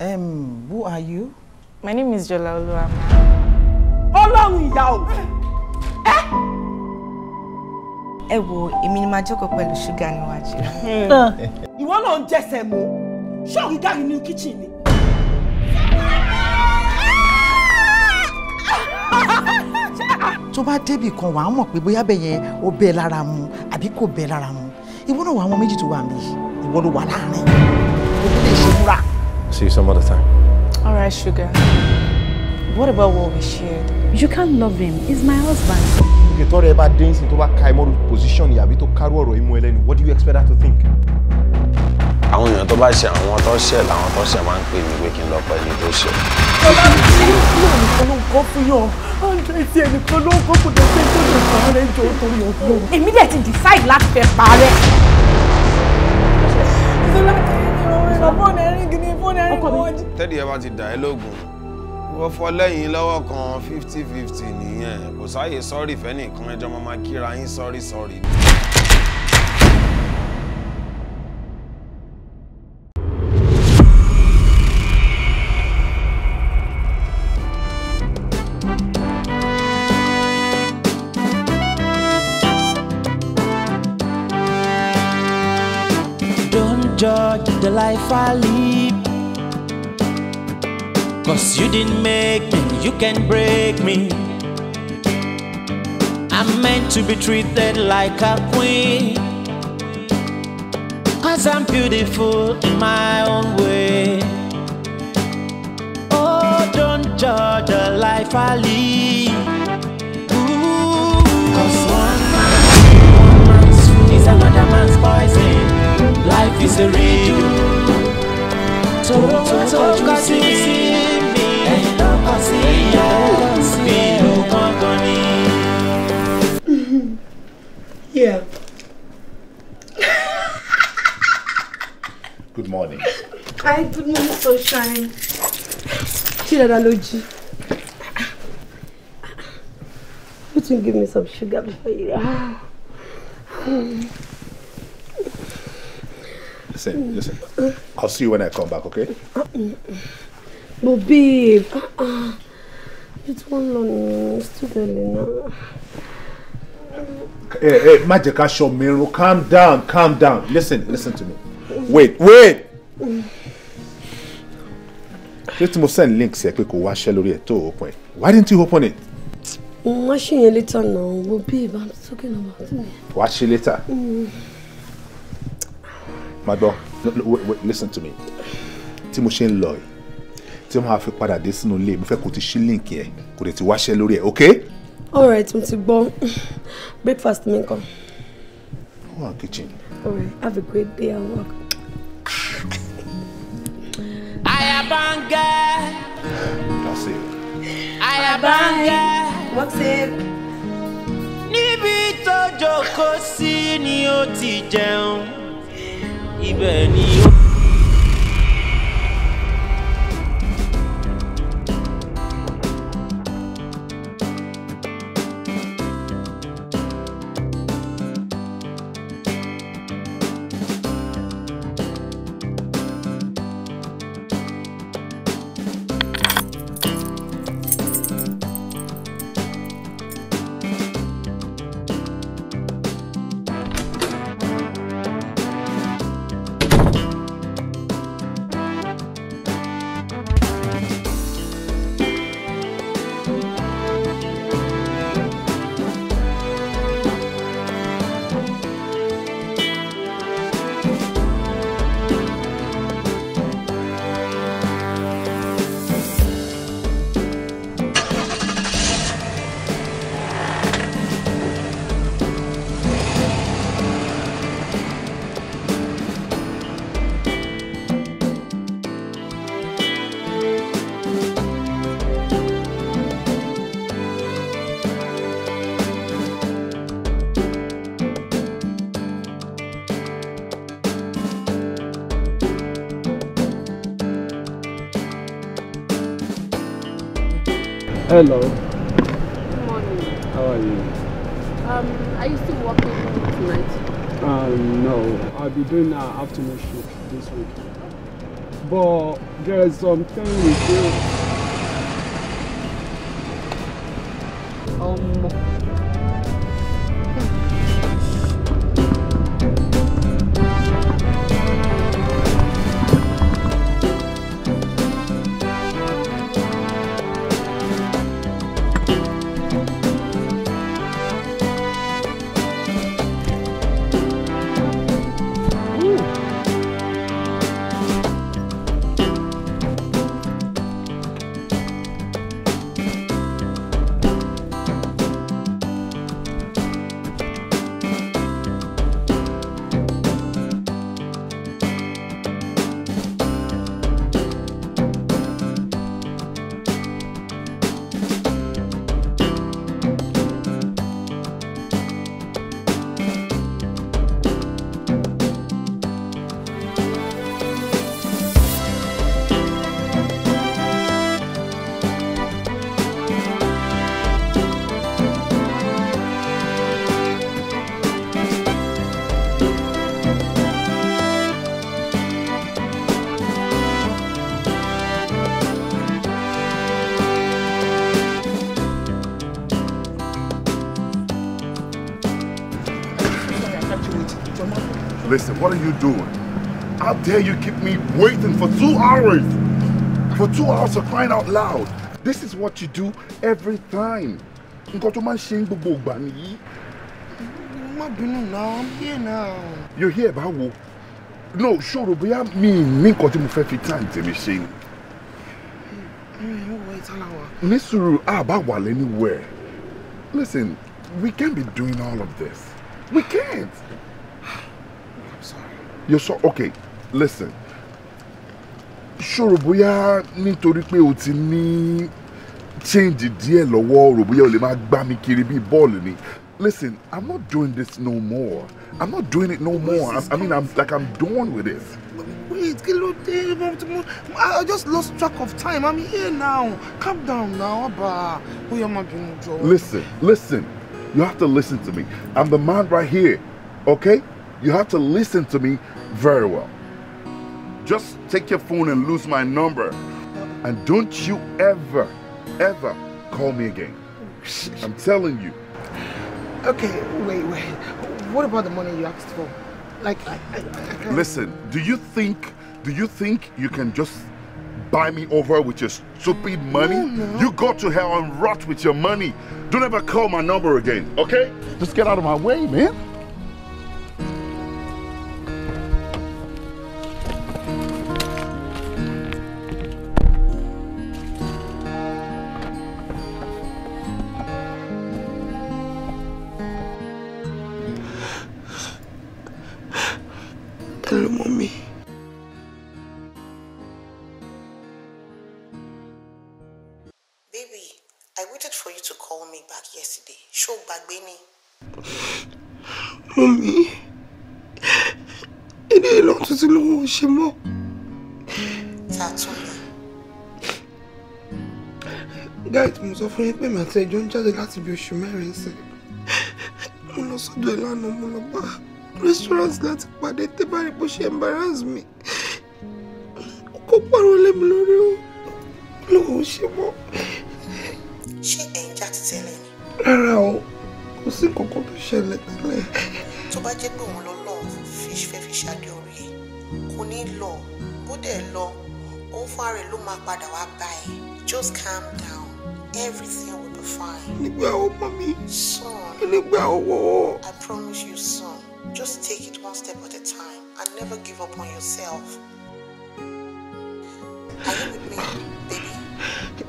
Um, who are you? My name is Jola Oluwama. Ọlọ́run ìyá o! Eh? wo, èmi ni máa jókòó pẹ̀lú ṣúgà níwájú. Ìwọ náà ń jẹsẹ̀ mọ́. Ṣọ́ọ̀gì gàrí ní kíchìn ni. Tó bá débì kan wàá mọ̀ pé bóyá bẹ́ẹ̀ yẹn ó bẹ́ẹ̀ lára mu àbí kò bẹ́ẹ̀ lára mu. Ìwọ náà wà àwọn méjì tó wà mí. Ìwọ ló wà láàárín. Òkú lè ṣe See you some other time. All right, sugar. What about what we shared? You can't love him. He's my husband. Okay, tọ́rẹ ẹ bá dé to sin tó bá ka ìmọ̀rù position ni àbí tó kárú ọ̀rọ̀ imú what do you expect her to think? I want tó bá ṣe àwọn tó ṣẹ̀ làwọn tó ṣẹ̀ máa ń pè mí pé kí n lọ pẹ̀lú tó ṣẹ̀. Ọlá mi ṣe decide last fẹ́ pa fóònù ẹ̀rín gidi fóònù ẹ̀rín kò wọ́n jí. tẹ́lẹ̀ ẹ bá ti dà ẹ́ lóògùn wọ́n fọ́ lẹ́yìn lọ́wọ́ kan fifty fifty nìyẹn kò sáàyè sọ́ọ̀rì fẹ́ nìkan ẹjọ́ máa kíra yín sọ́ọ̀rì sọ́ọ̀rì judge the life I live. Cause you didn't make me, you can break me. I'm meant to be treated like a queen. Cause I'm beautiful in my own way. Oh, don't judge the life I lead. Cause one man's, one is another man's boy. Life is a radio. Tòótọ́ tọ́ka sí mi, ẹ̀yin tọ́ka sí ìyàwó mi ló gbọ́ngàn ni. Yeah. Good morning. Hi, good morning, sunshine. Ṣé dada ló jí? You can give me some sugar before you. Listen, listen. I'll see you when I come back, okay? But babe, uh, uh, it's one long, it's too early now. Hey, eh, hey, Majika Shomiru, calm down, calm down. Listen, listen to me. Wait, wait! ṣé tí mo send link sí ẹ pé kò wá ṣẹ́ lórí ẹ̀ tó open why didn't you open it. wọ́n ṣe yẹn later now, wo babe i'm talking about it. wàá ṣe later. Mm my boy listen to me tí mo ṣe ń lọ yìí tí mo máa fi padà dé sínú ilé mo fẹ́ kó ti ṣí líǹkì ẹ̀ kó lè ti wáṣẹ́ lórí ẹ̀ ok. all right mo ti gbọ́ breakfast mi kan. go on kitchen. all right have a great day at work. ayabanga. that's it. ayabanga. what's it. níbi tó jókòó sí ni ó ti jẹun ibẹ̀ ni ó. be doing our afternoon shift this week. But there is some we do Listen, what are you doing? How dare you keep me waiting for two hours? For two hours of crying out loud. This is what you do every time. Nǹkan tó máa ń ṣe gbogbo ìgbà nìyí. Má bínú now, I'm here now. You're here báwo? No, sure, but mi mean, nǹkan tí mo fẹ́ fi time tèmi ṣe ni. Ní sùúrù, Listen, we can't be doing all of this. We can't you saw okay listen ṣòro bóyá nítorí pé o ti ní change díẹ̀ lọ́wọ́ rò bóyá o lè máa gbá mi kiri bíi bọ́ọ̀lù ni listen i'm not doing this no more i'm not doing it no more i, mean i'm like i'm done with it. wait kí ló dé i just lost track of time i'm here now calm down now abba oya má bínú jọ̀ọ́. listen listen you have to listen to me i'm the man right here okay you have to listen to me Very well. Just take your phone and lose my number. And don't you ever, ever call me again. I'm telling you. Okay, wait, wait. What about the money you asked for? Like, I, I, I Listen, do you think, do you think you can just buy me over with your stupid money? No, no. You go to hell and rot with your money. Don't ever call my number again, okay? Just get out of my way, man. fún yín pé mi àti ẹjọ́ ń jáde láti bí oṣù mẹ́rin sí mo lọ sọ́dọ̀ ẹ̀ lánàá mo lọ bá restaurant láti pàdé tẹ́bárì bó ṣe embarrass mi ó kó pàrọ̀ lé mi lórí o lóò ṣe mọ́. ṣé ẹ̀ ń já títẹ́lẹ̀ ni. rárá o kò sí kókó tó ṣẹlẹ̀ tẹ́lẹ̀. tó bá jẹ́ pé òun lọ lọ fẹ́ fi ṣáde orí ẹ̀ kò ní lọ bó dẹ̀ lọ òun fúnra rẹ̀ ló máa padà wá bá ẹ̀ just calm down everything will be fine. Nígbà wo, Son. Nígbà I promise you, son. Just take it one step at a time and never give up on yourself. Are you with me, baby?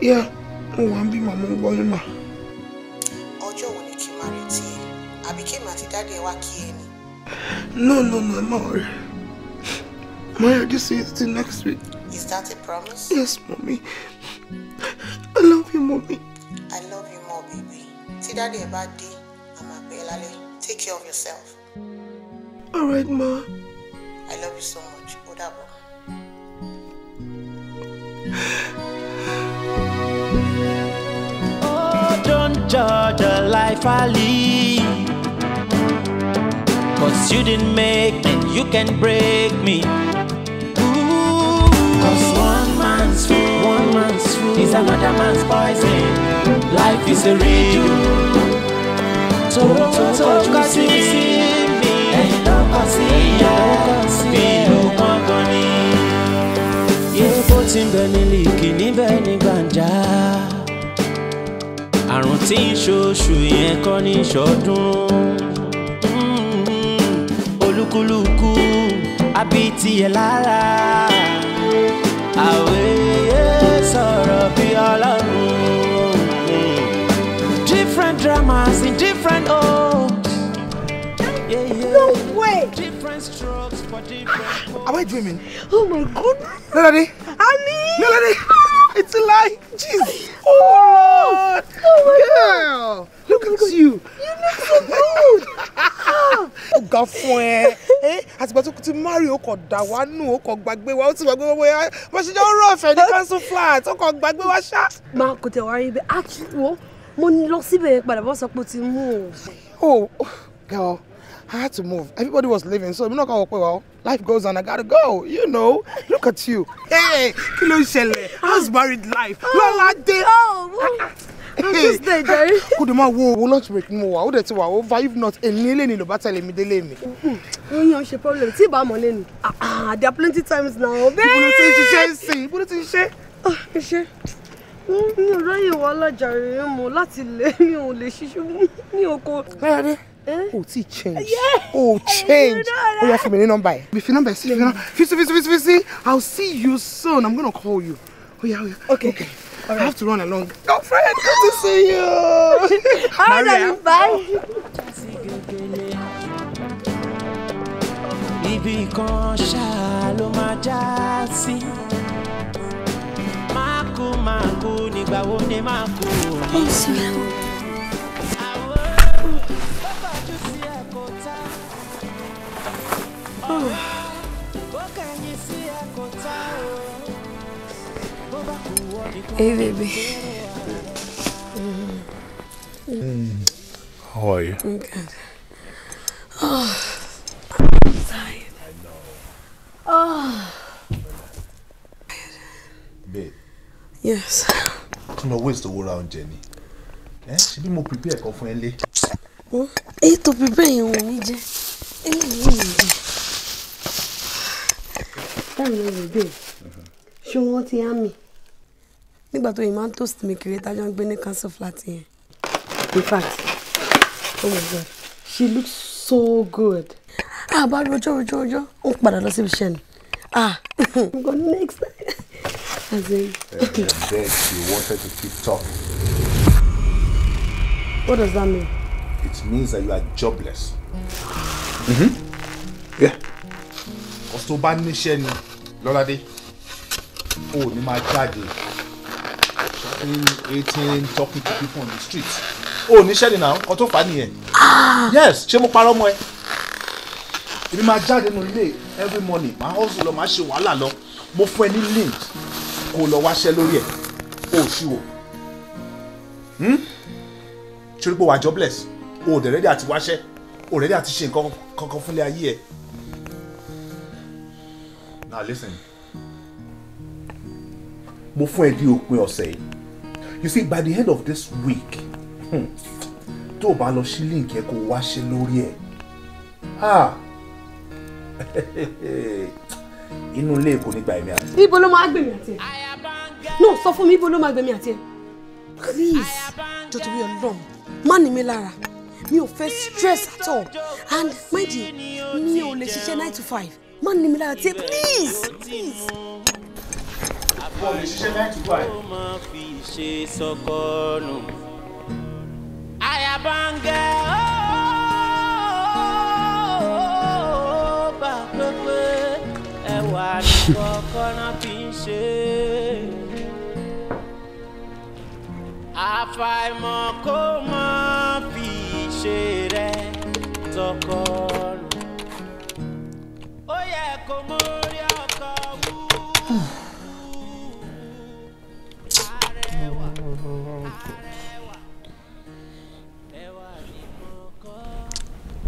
Yeah, mo wà ń bí màmú gbọ́ ní mà. Ọjọ́ wo ni kí n máa retí ẹ? Àbí kí màá ti No, no, no, ẹ má wọrí. My Odyssey is the next week. Is that a promise? Yes, mommy. I love you, mommy. I love you more, baby. See daddy bad day. I'm a belale. Take care of yourself. All right, ma. I love you so much. Odabo. Oh, don't judge a life I lead. Cause you didn't make me, you can break me. Cause one man's food, one man's food is another man's poison. Life is a radio. Toro toro kasi si mi, ẹyin náà kàn sí ìyá mi ló pọn gan ni. Yé bó ti ń bẹ ní líìkì níbẹ̀ ní gbàǹjà. Àrùn tí ń ṣoṣù yẹn kọ́ ní ìṣọ́dún. Olúkúlùkù àbí tiẹ̀ lára àwòye sọ̀rọ̀ bí ọlọ́run different dramas in different homes. No way! Different strokes for different. am I dreaming? Oh my god! Melody! Ami! Melody! It's alive! Jeez! Oh, oh my god! Girl! look at you you look so good. Ah. ó ga fún ẹ àtìgbà tó ti marry ó kàn dà wá nù ó kàn gbàgbé wa ó ti gbàgbé wa bó ṣe jẹ́ ó rọ̀ ọ̀fẹ́ ní council flat ó kàn gbàgbé wa ṣá. máa kò tẹ̀ wá rí bẹ́ẹ̀ actually wo mo lọ síbẹ̀ yẹn padà bọ́ sọ pé ó ti mú o. Oh, oh girl I had to move. Everybody was leaving, so I'm not gonna work well. Life goes on. I gotta go. You know. Look at you. Hey, kí ló ń ṣẹlẹ̀. How's married life? Oh. Lọ́ládé. Oh. oh kó dè máa wo owó lunch break ni mo wà ó dẹ̀ ti wà over if not èmi lè ní ló bá tẹ̀lé mi délé mi. Hmm, ó yan ṣe problem tí ìbá mọ̀ lẹ́nu ah, ah, there are plenty times now. ìbúlẹ̀ tí ń ṣiṣẹ́ ń sìn ìbúlẹ̀ tí ń ṣe. Ah, ṣe mi ò ráyè wà lájà rẹ̀ mọ́ láti lè mi ò lè ṣiṣẹ́ ní oko. láyàdé o ti change o change o yà fún mi ní nọ́mbà yẹn. bí fi nọ́mbà yẹn sí fi nọ́mbà fisi fisi fisi fisi i will see you soon i'm gonna call you. Oh yeah, oh yeah. okay. okay right. I have to run along. Oh, friend, good to see you. All right, bye. Ibi kan ṣáà ló máa já sí. Máa kú máa kú nígbà wo ni máa kú òní. Oh. Hey, baby. Mm. Mm. How are you? I'm good. Oh, I'm tired. I know. Oh. Babe. Yes. Kí ló waste the whole round ni? Eh? ṣe bí more prepare ẹ̀kọ́ fún ẹ lé. to prepare yẹn wò mí jẹ. Èyí mi ò jẹ. Táwọn èèyàn bèbè, me nígbà tó yìí máa ń toast mi kiri tájọ ń gbé ní council flat yẹn. in fact oh my god she looks so good. a ah, bá rojọ́ rojọ́ rojọ́ ó ń padà lọ síbi iṣẹ́ ni ah i'm go next time. as in. uh, then she wanted to keep talking. what does that mean. it means that you are jobless. Mm-hmm. yeah. ọ̀sùn bá níṣẹ́ ni lọ́ládé o ò ní máa jáde smoking eating talking to people on the street o oh, ní sẹ́ni náà kan tó fà á nìyẹn yes ṣé mo parọ́ mọ́ ẹ èmi máa jáde nínú ilé every morning máa hustle lọ máa ṣe wàhálà lọ mo fún ẹ ní link kó lọ wáṣẹ́ lórí ẹ o ò ṣíwò hmm? ṣorí pé wàá jobless o ò dẹ̀rẹ́dẹ̀ àti wáṣẹ́ o dẹ̀rẹ́dẹ̀ àti ṣe nǹkan kankan fúnlé ayé ẹ. now listen mo fún ẹ di òpin ọ̀sẹ̀ yìí you see by the end of this week hmm, tó o bá lọ sí link yẹn kó o wá ṣe lórí ẹ̀ ah inú ilé èkó nígbà èmi àti. ibo ló máa gbèmí àti ẹ no sọ fún mi ibo ló máa gbèmí àti ẹ please jọ torí Ọlọ́run má ní mi lára mi ò fẹ́ stress at all and mind you mi ò lè ṣiṣẹ́ nine to five má ní mi lára tí please please wọn ò lè ṣiṣẹ́ nine to five. ó máa fi ṣe sọkọ nù. àyàbọ̀ǹgẹ̀ ó bá pépé ẹwà nìkọ̀ọ̀kan náà fi ń ṣe é àfàìmọ̀ kó má fi ṣe rẹ̀ tọkọ lù ó yẹ kó mọ́.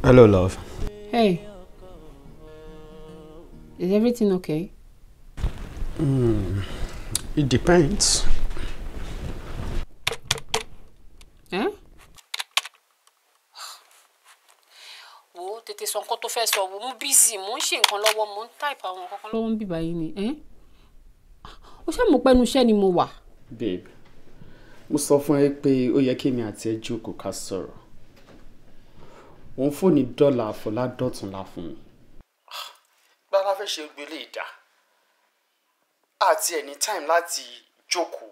Hello, love. Hey. Is everything okay? Mm, it depends. Eh? Oh, tètè sọ nǹkan tó fẹ́ sọ wo mo busy mo ń ṣe nǹkan lọ́wọ́ mo ń type àwọn nǹkan kan lọ́wọ́ ń bì báyìí ni. Ó ṣe mọ̀ pẹ́nu iṣẹ́ ni mo wà. Babe mo sọ fún ẹ pé ó yẹ kí èmi àti ẹ jókòó ká sọ̀rọ̀ òun fóònù dọ́là àfọládọ́túnla fún mi. gbára fẹ́ ṣe gbélé ìdá àti ẹni time láti jókòó.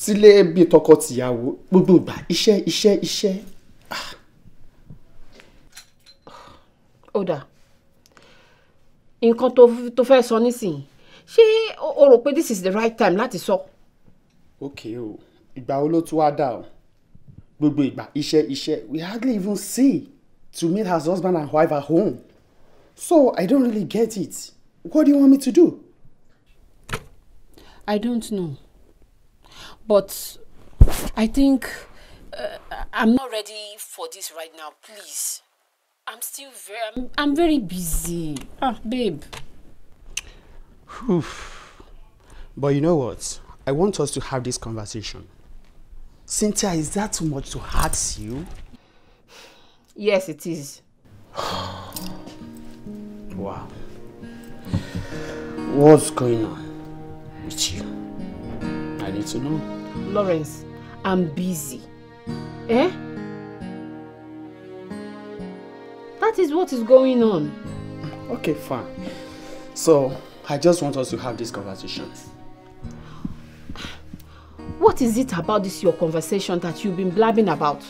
sílé bíi tọkọ-tìyàwó gbogbo ìgbà iṣẹ́ iṣẹ́ iṣẹ́. ó dà nǹkan tó fẹ́ sọ nísìnyí ṣé o rò pé this is the right time láti sọ. So? okay o ìgbà wo ló tún wá dà o gbogbo ìgbà iṣẹ́ iṣẹ́ we hardly even see to meet her husband and wife at home so I don't really get it what do you want me to do. I don't know but I think uh, I'm not ready for this right now please I'm still very I'm, I'm very busy ah babe. Oof. but you know what I want us to have this conversation. Cynthia, is that too much to hurt you? Yes, it is. wow. What's going on with you? I need to know. Lawrence, I'm busy. Eh? That is what is going on. Okay, fine. So, I just want us to have this conversation. What is it about this your conversation that you've been blabbing about?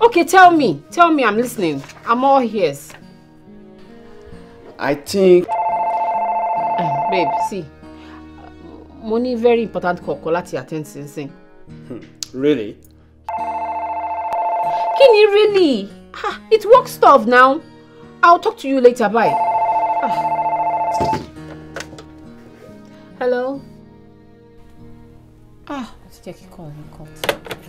Okay, tell me. Tell me, I'm listening. I'm all ears. I think... Uh, babe, see. Money very important call. Call at your attention. Really? Can you really? it works stuff now. I'll talk to you later. Bye. Ah. Hello? Ah, let's take a call ọ̀hún kan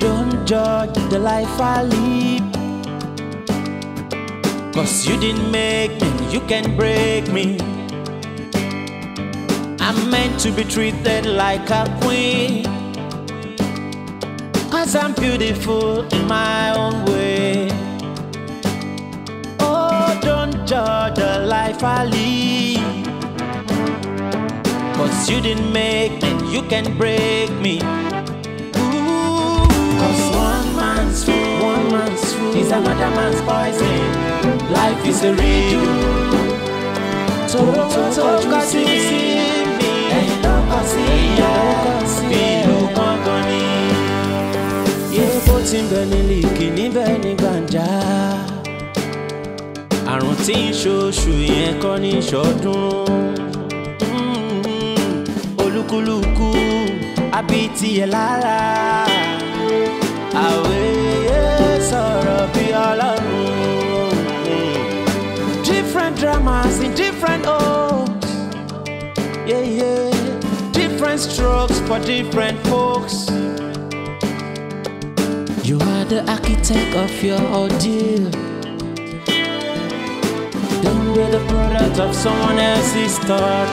do Don't judge the life I lead. Cause you didn't make me, you can break me. I'm meant to be treated like a queen. Cause I'm beautiful in my own way. Oh, don't judge the life I lead. Cause you didn't make me, you can break me. Ooh. one man's food, one man's food is another man's poison. Life is a redo. So, so, so, so, so, so, so, so, so, so, mílìkì níbẹ̀ ní gbàǹjà àrùn tí ń ṣoṣù yẹn kọ́ ní ìṣọ́dún hmm, olúkúlùkù àbí tiẹ̀ lára àwẹ̀ sọ̀rọ̀ bí ọlọ́run hmm, different dramas in different homes yeah, yeah. different strokes for different folks the architect of your ordeal. Don't be the product of someone else's thought.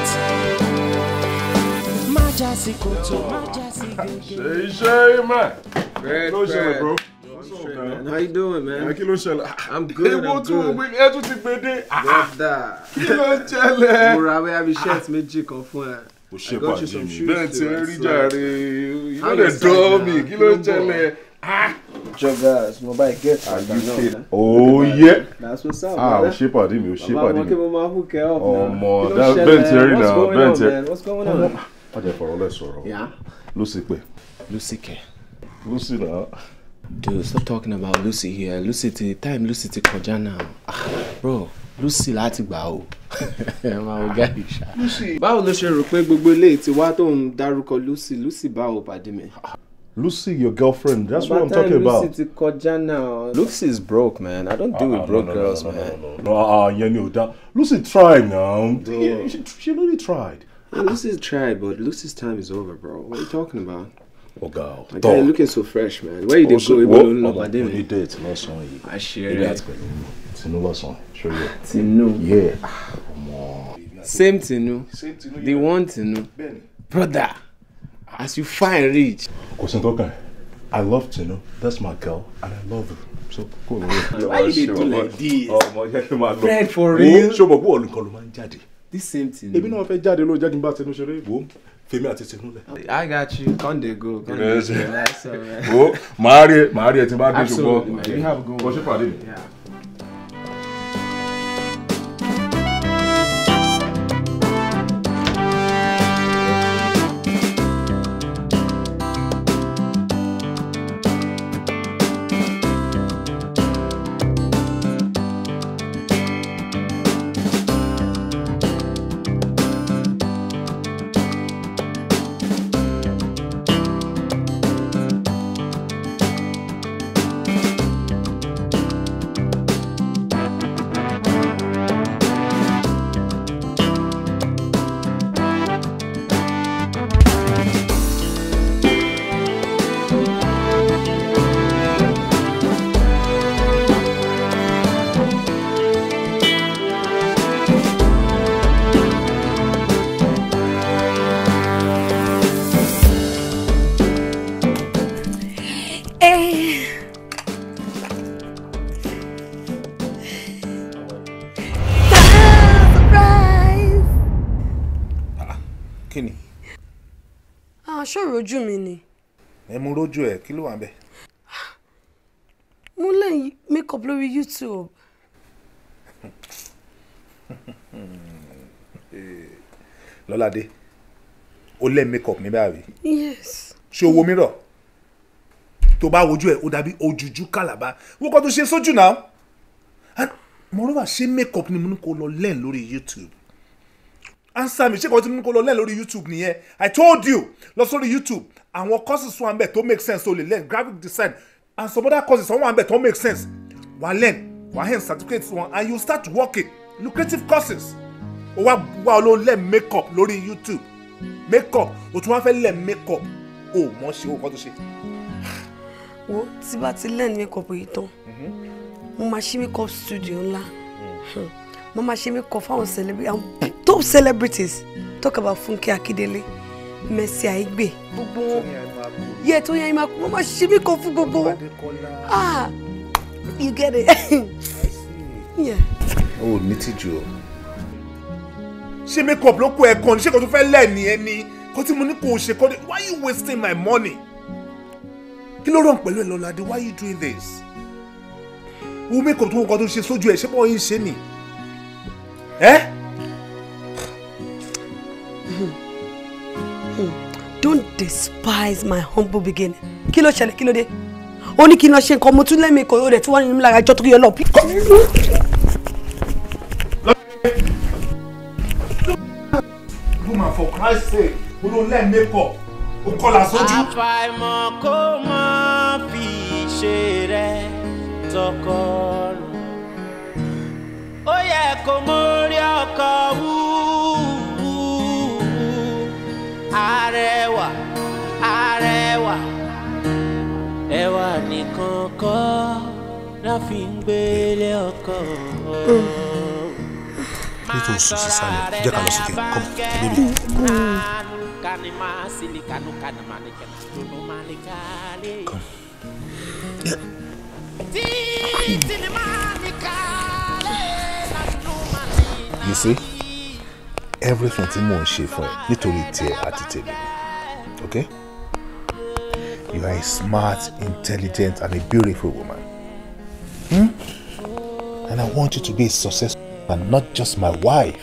Majasi Koto, Majasi Gege. Shay, Shay, man. Red, no, Shay, bro. Man. How you doing, man? Kí ló ṣẹlẹ̀? I'm good, I'm good. Ẹ tún ti gbede. Brother. Kí ló ṣẹlẹ̀? Mo ra wẹ́ẹ́ bí shirt méjì kan fún ẹ o ṣe pàdé mi bẹ́ẹ̀ tí ń rí jàre yóò lè dán mi kí ló ń ṣẹlẹ̀ joggers ah! oh, ah, mo bá ìgé ẹ̀ka náà oyè ah o ṣe pàdé mi o ṣe pàdé mi ọmọ bẹ́ẹ̀ ti rí náà bẹ́ẹ̀ ti rí ọjà ìfọ̀rọ̀ lẹ̀ sọ̀rọ̀ Lucy pé. Lucy kẹ. Lucy na. Dude, stop talking about Lucy here. Lucy ti time Lucy ti kọjá now. Ah, bro, Lucy láti gbà o. Máa wo gáàdì ṣá. Báwo ló ṣe rò pé gbogbo eléyìí ti wá tó dárúkọ Lucy? Lucy báwo pàdé mi? Lucy, your girlfriend. That's what I'm talking Lucy about. Lucy to kọjá now. Lucy's broke, man. I don't ah, deal uh, with broke no, no, girls, no, no, man. No, no, ah, ah, no. Ah, no, yẹn ni o Lucy tried now. Yeah, she, she really tried. Yeah, Lucy tried, but Lucy's time is over, bro. What are you talking about? Ọ̀gá o. Ọ̀gá you looking so fresh, man. Where you dey oh, go? Ibo ló What lọ you mi. Oní déètì lọ́sàn-án yìí. Àṣírí. Ilé àti pẹ̀lú Tinú lọ́sàn-án. Ṣóyè. Tinú. Yeah. Ọmọ. Same Tinú. Same Tinú. The one Tinú. Bẹ́ẹ̀ni. Brother as you fine reach. kò sí i love know that's my girl and i love her so go away. why did you do like this. ọmọ jẹ́ kí n máa lọ friend for real. ṣé o mọ̀ pé olùkọ́ ló this same thing. Even if I jáde ló Jadi, kí n bá Tinu ṣeré ìbò fèmí àti Tinu i got you come dey go come dey go. o màá rí ẹ màá rí ẹ tí n absolutely man you have a good one. kò ṣe pàdé mi. rojú mi ni. ẹ mú rójú ẹ kí ló wà bẹ. mo lẹ́yìn make up lórí YouTube. Eh, lọ́ládé o lẹ́ make up mi báyìí. yes. ṣé o wo mírọ̀ tó bá wojú ẹ o dàbí ojújú kàlàbà wọ́n kọ́ tó ṣe sójú náà ah, moreover ṣé make up ni mo ní kó lọ learn lórí YouTube answer me ṣé kò tí mo kọ́ lọ lẹ́ẹ̀ lórí youtube nìyẹn i told you lọ sórí youtube àwọn courses wà nbẹ tó make sense o lè learn graphic design and some other courses wà nbẹ tó make sense wà learn wà earn certificate wọn and you start working lucrative courses o wa wa lo learn makeup? up lórí youtube makeup. up o tún wá fẹ́ learn makeup? up o mọ̀ ṣe o kọ́ tó ṣe. wo tí bá ti learn makeup up yìí tán mhm. mo máa ṣí make studio ńlá. Mm -hmm mama ṣe mi kọ fáwọn celebrity àwọn top celebrities talk about Funke akidele. Mercy Aigbe gbogbo wọn Yeah, tó yẹ ìmọ̀ mama ṣe mi kọ fún ah you get it yeah. Oh, ò ní tìjú o. ṣé make up ló kó ẹ kan ṣé kò tún fẹ́ lẹ́ẹ̀ni ẹni kó tí mo ní kò ṣe kó why you wasting my money kí ló rọ̀ pẹ̀lú ẹ̀ lọ́la why you doing this? wo make up tó ń kọ́ tó ṣe sójú ẹ̀ ṣé bọ́ọ̀ yín ṣe nìyí. Eh? Don't despise my humble beginning. Kí ló ṣẹlẹ̀ kí ló dé? Ó ní kí n lọ ṣe nǹkan mo tún lẹ́mìí kò rẹ̀ tí wọ́n ní lára ìjọ tó yọ lọ. for Christ's sake, o ló lẹ́ mẹ́kọ̀, o kọ́ la sójú. Àfàìmọ̀ kó máa fi ṣe rẹ̀ tọkọ ó yẹ kó mórí ọkọ wúwú arẹwà arẹwà ẹwà nìkan kọ́ náà fi ń gbélé ọkọ. nítorí sùn sí sálẹ̀ jẹ́ ká lọ sókè kọ́mọ bébí. Come. Yeah you see everything tí mò ń ṣe fún ẹ nítorí tiẹ̀ àti tèmi okay you are a smart intelligent and a beautiful woman hmm? and I want you to be a successful and not just my wife.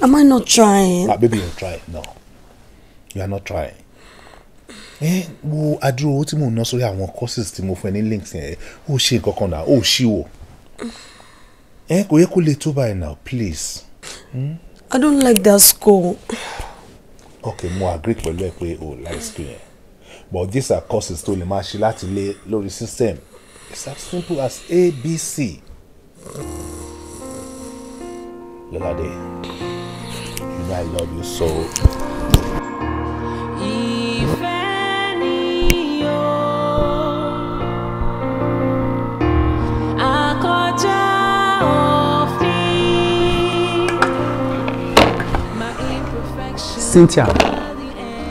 Am I not trying? Ah, baby, you're try. No, you are not trying. Eh? wo adúrò owó tí mò ń ná sórí àwọn courses tí mo fún ẹ ní links yẹn ó ṣe nǹkan kan náà ó ṣíwò ẹ eh, kò yẹ kó lè tó báyìí now please. Hmm? I don't like that school. okay mo agree pẹ̀lú ẹ pé o like school yẹn but these are courses tó lè máa ṣe láti lé lórí system it's as simple as abc. Lọ́ládé you know I love you so. Mm. Cynthia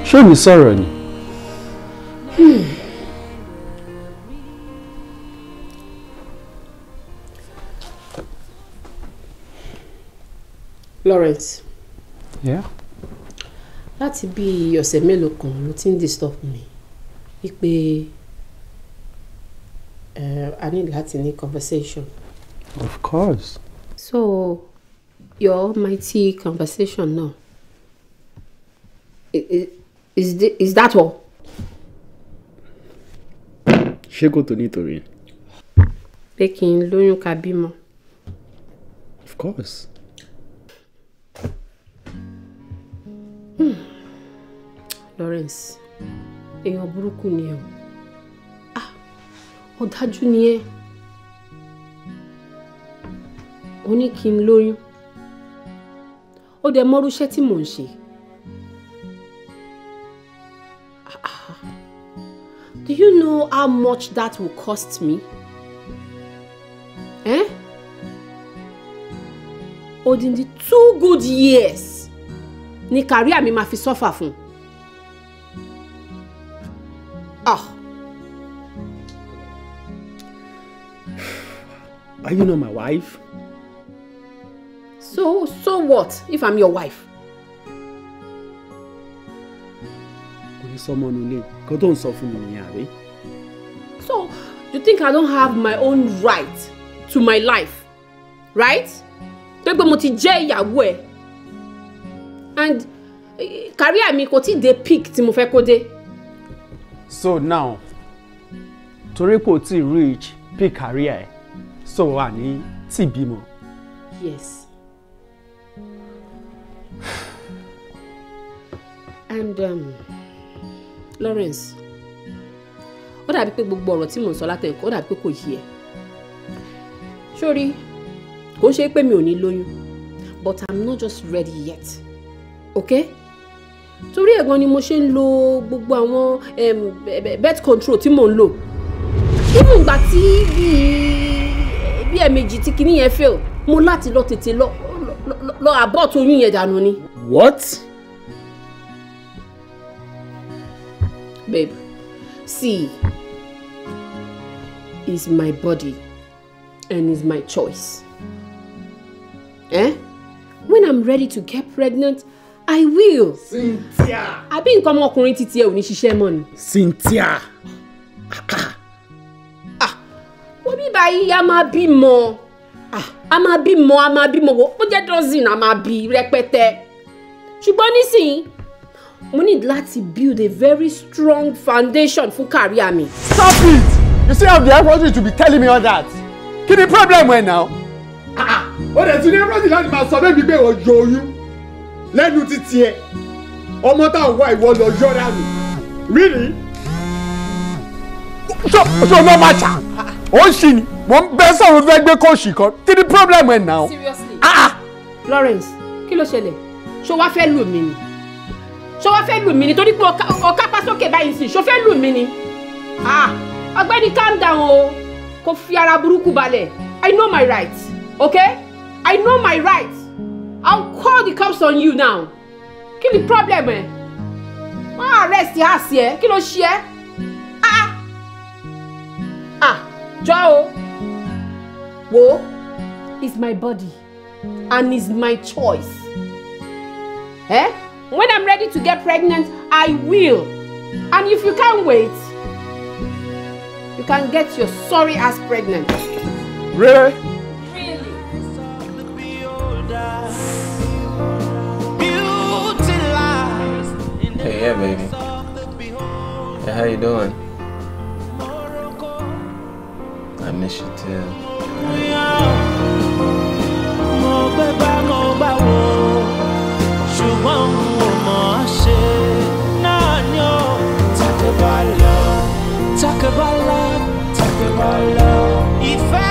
ṣé ò ní ni. Hmm. Lawrence. Yeah. láti bí ọ̀sẹ̀ mélòó kan ló ti ń disturb mi wípé uh, I need láti ní conversation. Of course. So your mighty conversation náà is, is is that all. ṣé kò tó nítorí. pé kí n lóyún ká bímọ. of course. Hmm. Lawrence èèyàn burúkú ni ẹ o ah ọ̀dájú ni ẹ o ní kí n lóyún ó dẹ̀ mọ́rúṣẹ́ tí mò ń ṣe. how much that will cost me? Eh? the two good years ni career mi ma fi suffer fún. Ah. Are you not my wife? So, so what if I'm your wife? Kò ní sọ́mọ́nu ilé, kó tó ń sọ fún mi nìyẹn think I don't have my own right to my life, right? Pé pé mo ti jẹ́ ìyàwó ẹ̀ and eh, career mi kò tí ì dé peak tí mo fẹ́ kó dé. So now, torí kò tí ì reach peak career ẹ̀ so wà ní tí bímọ. Yes. And um, Lawrence ó dàbí pé gbogbo ọ̀rọ̀ tí mò ń sọ látẹ̀kọ́ ó dàbí pé kò yí ẹ sórí kò ń ṣe pé mi ò ní lóyún but i'm not just ready yet okay torí ẹ̀gbọ́n ni mo ṣe ń lo gbogbo àwọn eh, birth control tí mò ń lò even ìgbà tí bí ẹ̀ẹ̀mejì tí kinní yẹn fail mo láti lọ tètè lọ lọ abort oyún yẹn dànù ni. what. babe see is my body and is my choice. Eh? When I'm ready to get pregnant, I will. Cynthia. I've been coming títí ẹ ò ní ṣiṣẹ́ mọ́ ni. Cynthia. Ah, ah. Wọ́n bí báyìí a máa bímọ. Ah, a máa bímọ, a máa bímọ. Ó jẹ́ dọ́sìn a máa bí rẹpẹtẹ. Ṣùgbọ́n nísìnyí, mo need láti build a very strong foundation for kàríà me. Stop it! You see how the effort to be telling me all that. Kí ni problem ẹ now? O ah, ah. dẹ̀ tún ní ẹ́fọ́sì láti máa sọ bẹ́ẹ̀ gbígbé ọjọ́ oyún lẹ́nu títí ẹ. Ọmọ tá ò wá ìwọ lọ yọ dànù. Really? So so no matter. Ó ń ṣì ni. Mo ń bẹ sọ̀rọ̀ fẹ́ gbé kóòṣì kan. Kí ni problem ẹ now? Seriously? Ah, Lawrence, kí ló ṣẹlẹ̀? Ṣé o wá fẹ́ lù mí ni? Ṣé o wá fẹ́ lù mí ni? Torí pé ọ̀ká pásókè báyìí sì, ṣé fẹ́ lù mí ni? Ah! ọ̀gbẹ́ni calm down o kò fi ara burúkú balẹ̀ i know my right okay i know my right i'll call the cops on you now kí ni problem ẹ má arrest ẹ àsì ẹ kí ló ṣe ẹ ah, ah ah jọ o wo it's my body and it's my choice eh when i'm ready to get pregnant i will and if you can't wait. You can get your sorry ass pregnant. Really? Really? Hey, yeah, baby. Hey, how you doing? I miss you too. my love. If I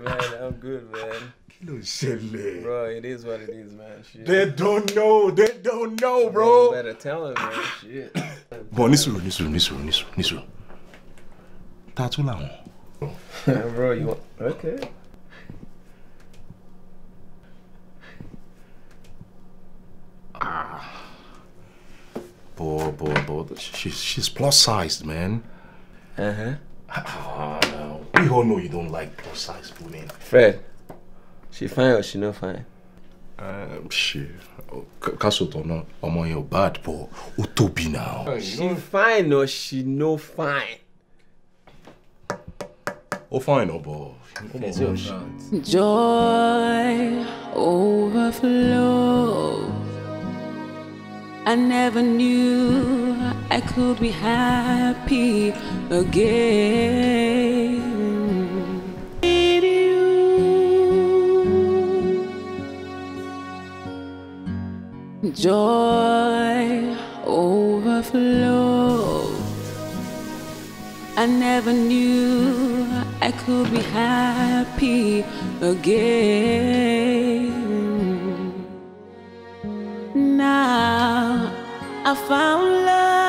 man, I'm good, man. Kilo Shelley. Bro, it is what it is, man. Shit. They don't know. They don't know, bro. Man, better tell him, man. Shit. Bọ̀ ní sùúrù, ní sùúrù, ní sùúrù, ní sùúrù, ní sùúrù. Tattoo làwọn. Bro, you want... Okay. Ah. Boy, boy, boy. She's, she's plus sized, man. Uh huh. Ah, we all know you don't like plus size women. Fred, she fine or she not fine? Um, she. Oh, Kasoto no, on your bad but ó now. Oh, she fine or she no fine? Oh fine o, boy. Joy overflow. I never knew I could be happy again. Joy overflowed. I never knew I could be happy again. Now I found love.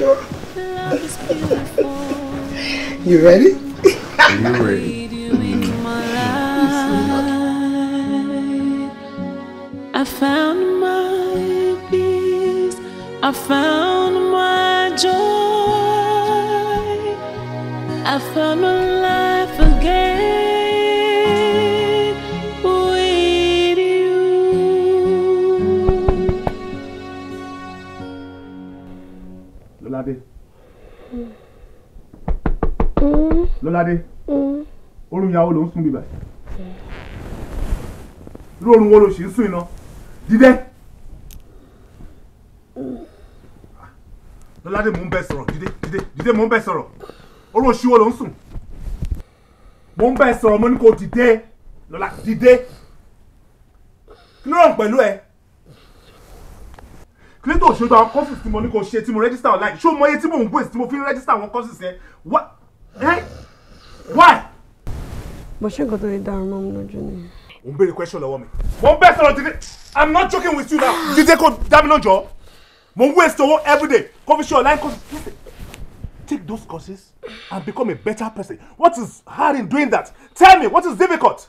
sure. you ready? Are you ready? I found my peace. I found my joy. I found my Jọládé mm. orun ìyàwó ló ń sùn bíbá irú orun wo ló sì ń sùn iná dídẹ́ Jọládé mm. mò ń bẹ sọ̀rọ̀ dídé dídé dídé mò ń bẹ sọ̀rọ̀ orun òṣìwò ló ń sùn mò ń bẹ sọ̀rọ̀ mo ní kó dìde lọ́la dìde kí ló ràn pẹ̀lú ẹ kí ló tó ṣojú àwọn courses tí mo ní kó ṣe tí mo register online ṣé o mọ iye tí mò ń gbèsè tí mo fi ń register àwọn courses yẹn wá ẹ́ why. But she got to dá ọmọ mi lójú ni. ò ń béèrè question lọ́wọ́ mi. mo ń bẹ́ẹ̀ sọ̀rọ̀ i'm not joking with you now Did they dá Damn lójọ́ mo ń waste owó everyday kó fi ṣe online courses take those courses and become a better person what is hard in doing that tell me what is difficult.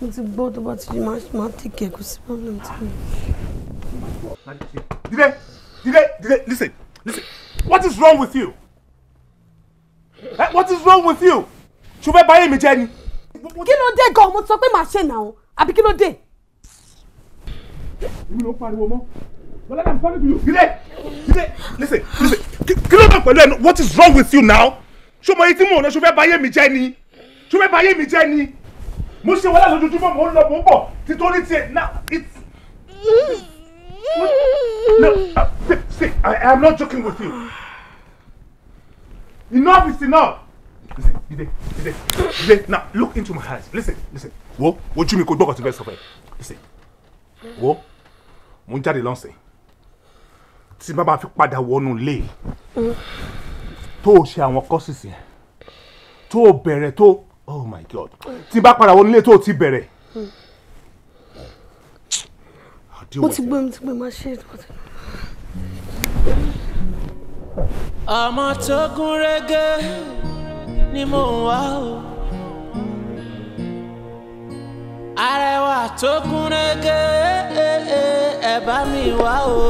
mo ti gbọ́ tó bá ti di máa tẹ̀kẹ̀ kò sí problem tí mo. dídé dídé dídé listen listen what is wrong with you. Eh, what is wrong with you? ṣùgbọ́n báyé mi jẹ́ ni. kí ló dé gan-an mo sọ pé màá ṣe nàá àbí kí ló dé. èmi ló pariwo mọ́ bọ́lá náà fọ́nrán ìbílẹ̀ ìbílẹ̀ ìbílẹ̀ listen listen kí ló dé pẹ̀lú ẹ̀ what is wrong with you now? ṣùgbọ́n etí mò ń lọ ṣùgbọ́n báyé mi jẹ́ ni ṣùgbọ́n báyé mi jẹ́ ni mo ṣe wàhálà lójoojúmọ́ mo ń lọ mo ń bọ̀ títorí tiẹ̀ now It. No, uh, see, see, I am not joking with you. Enough is enough. Listen, Jide, Jide, Jide, now look into my eyes. Listen, listen. Wo, ojú mi kò Go tí bẹ́ẹ̀ sọ fẹ́. Listen, wo, mo ń jáde lọ́sìn. Tí bàbá fi padà wọnú ilé, tó o ṣe àwọn kọ́sìsì yẹn, tó o oh my god tí bá padà wọnú ilé tó o ti bẹ̀rẹ̀. Mo ti gbé mo ti gbé máa ṣe é ọmọ tó gún ni mò ń wá o arẹwà tó gún régé ẹ bá mi wá o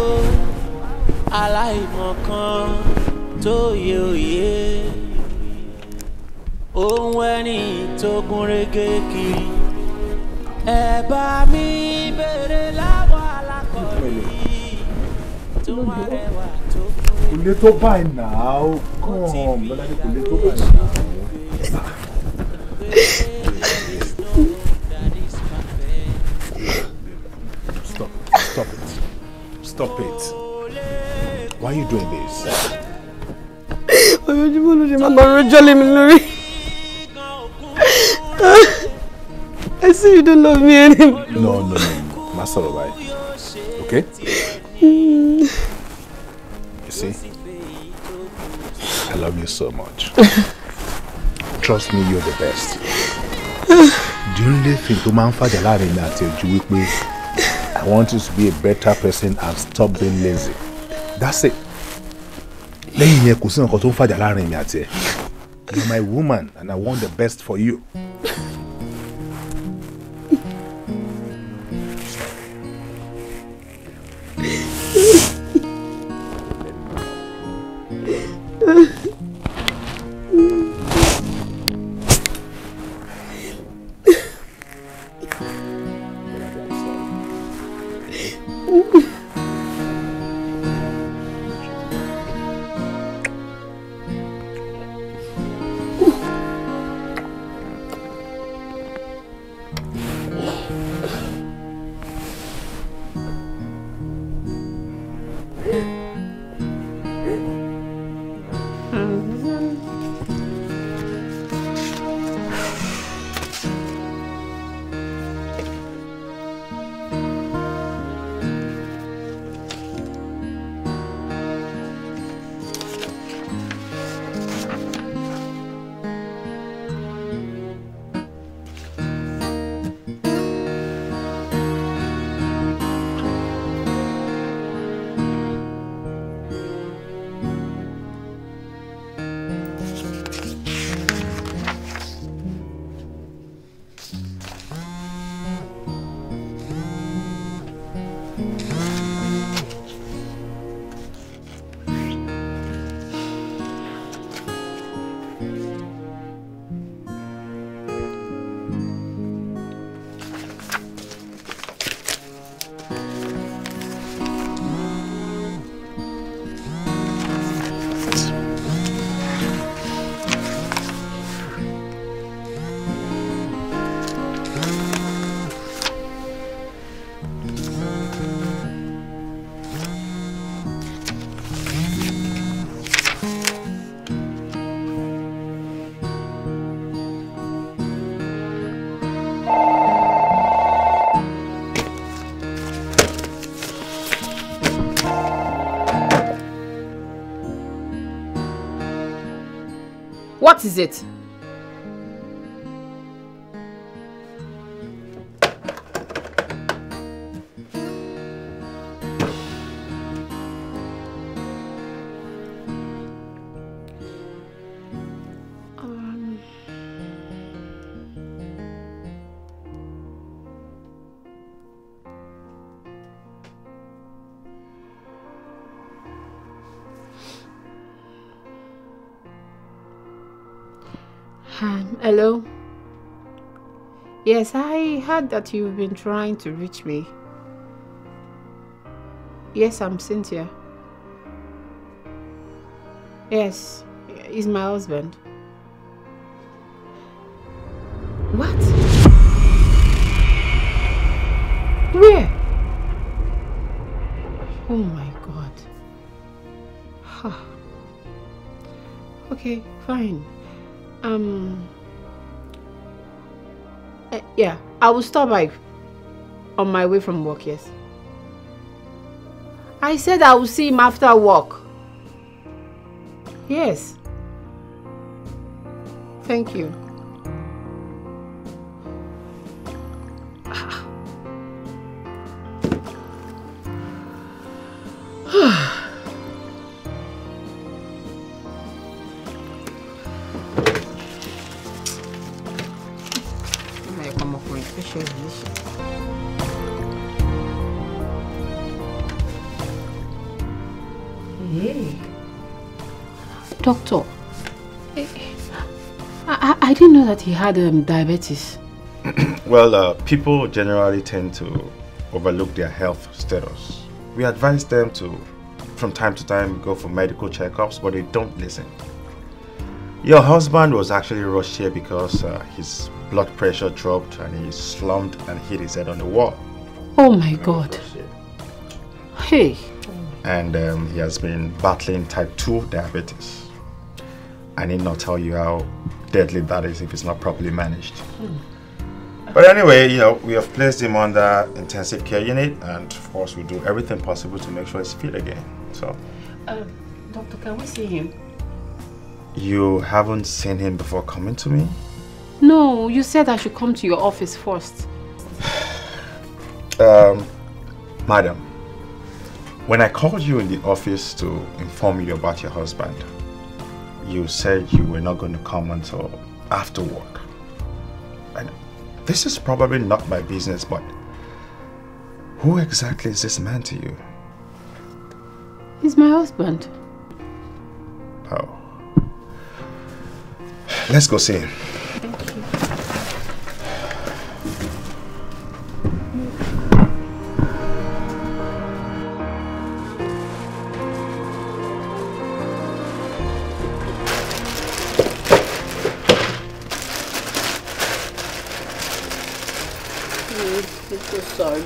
aláìmọ̀kan tó yẹ òye ohun ẹni tó gún régé kiri ẹ bá mi béèrè láwọn alákọ̀ọ́lì tó wà rẹwà lé tó báyìí náà ó kàn Bọ́ládé kò lé tó báyìí náà. Stop, stop it. Stop it. Why are you doing this? Ojoojúmọ́ ló ṣe máa lọ rọjọ́ lé mi lórí. I see you don't love me anymore. No, no, no. Má sọ̀rọ̀ báyìí. Okay? Mm. You see? I love you so much. Trust me, you're the best. The only thing tó máa ń fàjà láàrin that àti Ojú me. I want you to be a better person and stop being lazy. That's it. Lẹ́yìn yẹn kò sí nǹkan tó ń fàjà láàrin mi àti ẹ̀. You're my woman and I want the best for you. What is it? Hello? Yes, I heard that you've been trying to reach me. Yes, I'm Cynthia. Yes, he's my husband. What? Where? Oh my god. Huh. Okay, fine. Yeah, I will stop by on my way from work, yes. I said I will see him after work. Yes. Thank you. Doctor, eh, I, I, I didn't know that he had um, diabetes. well, uh, people generally tend to overlook their health status. We advise them to, from time to time, go for medical checkups, but they don't listen. Your husband was actually rushed here because uh, his blood pressure dropped and he slumped and hit his head on the wall. Oh my God. Hey. And um, he has been battling type 2 diabetes. I need not tell you how deadly that is if it's not properly managed. Hmm. But anyway, you know, we have placed him on the intensive care unit and of course we do everything possible to make sure he's fit again, so. Uh, doctor, can we see him? You haven't seen him before coming to me? No, you said I should come to your office first. um, madam, when I called you in the office to inform you about your husband, you said you were not going to come until after work. And this is probably not my business, but who exactly is this man to you? He's my husband. Oh. Let's go see him.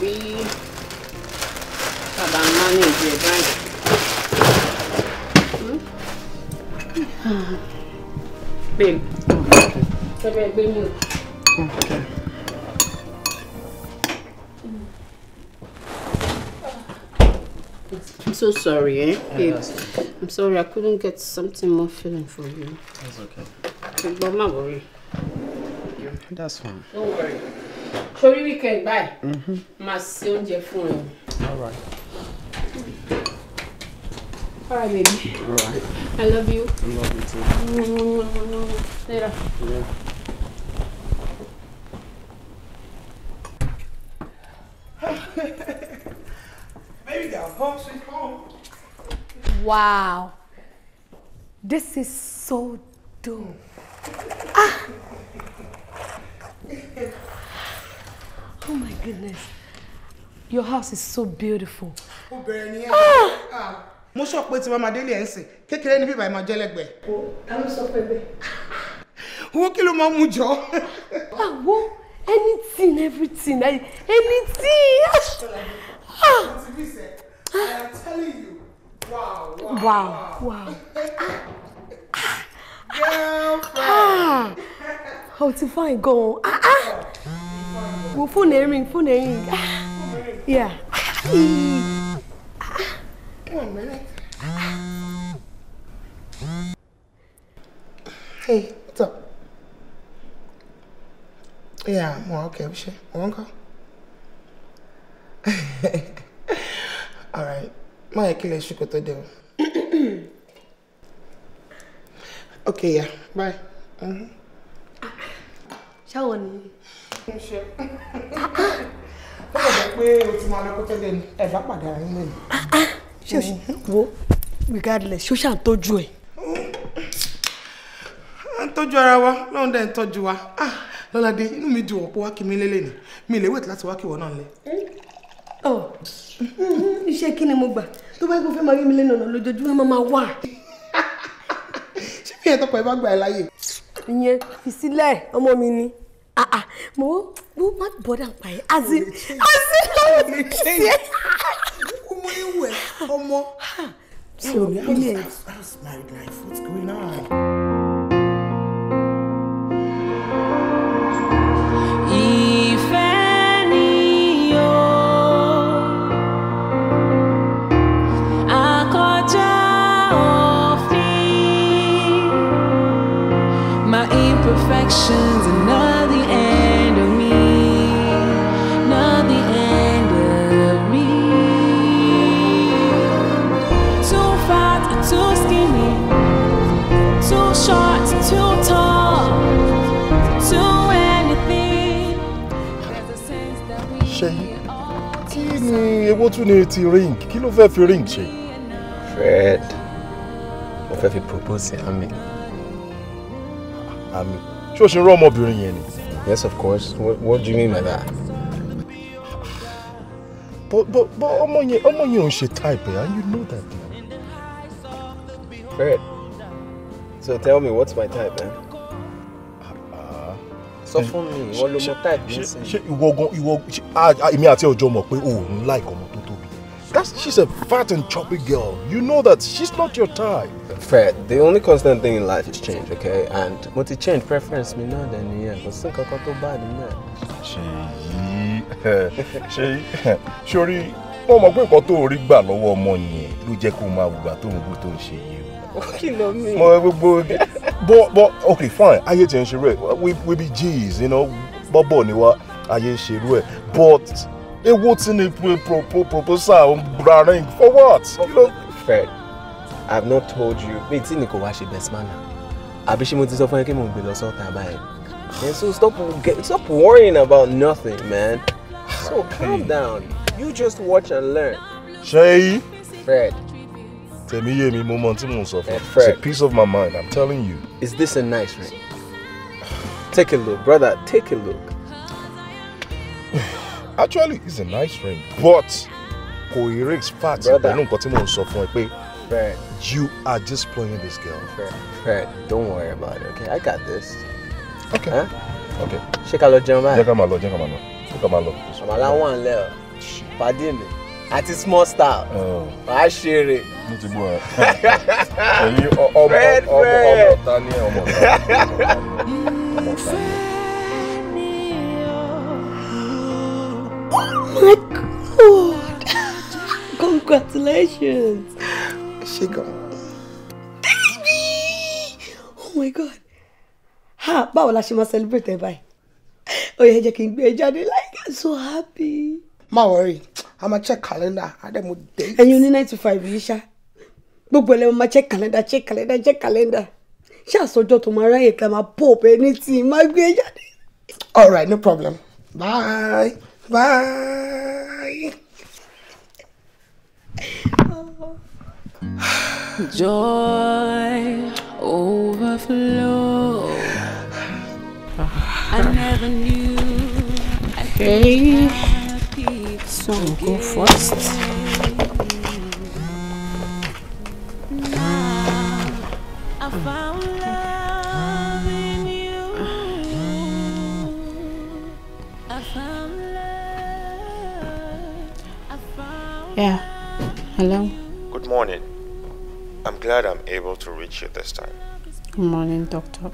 we have a manage right? Hmm? babe. Okay. So babe, we Okay. I'm so sorry, eh? Yeah, babe. Okay. I'm sorry, I couldn't get something more filling for you. That's okay. But my worry. That's fine. Don't worry torí weekend báyìí Mhm. My oúnjẹ fún your phone. right. All right, baby. All right. I love you. I love you too. Later. Yeah. Baby got home, she's home. Wow. This is so dope. Ah! goodness. Your house is so beautiful. Ó ah! ah. Mo sọ pé tí mama délé ẹ̀ ń sìn, kékeré ní bíbá ẹ̀ máa jẹ́ lẹ́gbẹ̀ẹ́. O ta ló sọ pé bẹ́ẹ̀? Owó kí ló máa mú jọ? Ah, anything everything anything. I am telling you, wow, wow, wow. wow. Girlfriend. Ah, ó ti fine gan-an. Well, phone a ring, phone ring. Ah, yeah. One minute. Hey, what's up? Yeah, more okay, we should. One call. All right. My killer should go to do. Okay, yeah. Bye. Mm-hmm. Ṣáwọn ni ṣe ó lè jẹ́ pé o ti máa lọ kó tẹ́lẹ̀ ní ẹ̀ bá pàdé ara nílé mi. Ah, ah, ṣé o ṣe mm. wo regardless ṣó ṣà ń tọ́jú ẹ̀. à ń tọ́jú ara wa lọ́run dẹ̀ ń tọ́jú wa ah, lọ́ládé inú mi dùn ọ̀pọ̀ wákìmí lélẹ̀ ni mi lè wait láti wákìwọ̀ náà lẹ. Mm. Oh, mm, iṣẹ́ kí ni mo gbà tó bá yẹ kó fẹ́ máa rí mi lẹ́nu ọ̀nà lójoojúmọ́ máa máa wà. ṣé mi yẹn tọkọ ẹ bá gbà ẹ láàyè. ìyẹn fi sílẹ̀ ọmọ mi ni ah ah mo mo ma bọ́dà pa ẹ́ azin azin lọ́wọ́ mi kí ṣe. ọmọ ewé ọmọ. so ilé ẹ. how's my imperfections. èwo tún ni ti ring kí ló fẹ́ fi ring ṣe. Fred mo fẹ́ fi propose Ami. Amy. ṣé o ṣe rán ọmọbìnrin yẹn ni. yes of course what, what do you mean by that. but but but ọmọ yẹn ọmọ yẹn ò ń ṣe type ẹ and you know that. Fred so tell me what's my type. Eh? sọ fún mi ìwọ ló type mi sí. ìwọ gan ìwọ èmi àti ọjọ́ mọ̀ pé òun like ọmọ tó tóbi. that's she's a fat and chubby girl you know that she's not your type. fair the only constant thing in life is change okay and mo ti change preference mi náà dẹ̀ nìyẹn kò sí nǹkan kan tó bá mi náà. ṣèyí ṣèyí ṣorí wọn mọ pé nǹkan tó rí gbà lọ́wọ́ ọmọ yẹn ló jẹ́ kó máa wùgbà tó ń gbó tó ń ṣe yìí mo gbogbo but but okay fine ayé ti ń ṣe rẹ we we be g's you know bọ́bọ̀ ni wa ayé ń ṣe rẹ but ewo tí ni proposal bra for what. Fred I have not told you pé tí ni kò wá ṣe best man na àbí ṣé mo ti sọ fún ẹ kí mo gbé lọ sọ́ọ̀tà báyìí and so stop stop worrying about nothing man so calm down you just watch and learn. ṣe yí. Fred tèmi yé mi mo mọ eh, it's a piece of my mind i'm telling you. is this a nice ring? take a look brother take a look. actually it's a nice ring but kò erase fat pẹ̀lú nǹkan tí mò ń sọ fún Fred. You are just playing this girl. Fred, Fred, don't worry about it, okay? I got this. Okay. Huh? Okay. Ṣé ká lọ jẹun báyìí? Jẹ́ ká máa lọ, jẹ́ ká máa lọ. Jẹ́ ká máa lọ àti small star wàá oh. ṣeré. mo ti gbọ́ ẹ ẹ̀yin ọmọ ọmọ ọmọ ni ọmọ ta ni. Oh my God! Congratulations! She gone. Oh my god ha báwo la ṣe máa celebrate ẹ báyìí ó yẹ jẹ́ kí n gbé e jáde like i'm so happy. má worry a máa check calendar a dẹ̀ mú date. ẹ̀yin oní nine to five yìí ṣá gbogbo ẹ̀ lẹ́nu check calendar check calendar check calendar ṣé àsọjọ́ tó máa ráyè ká máa pop anything, tí ì máa gbé jáde. all right no problem bye bye. Joy overflow. I never knew. I hey. so we go first Yeah. Hello. Good morning. I'm glad I'm able to reach you this time. Good morning, doctor.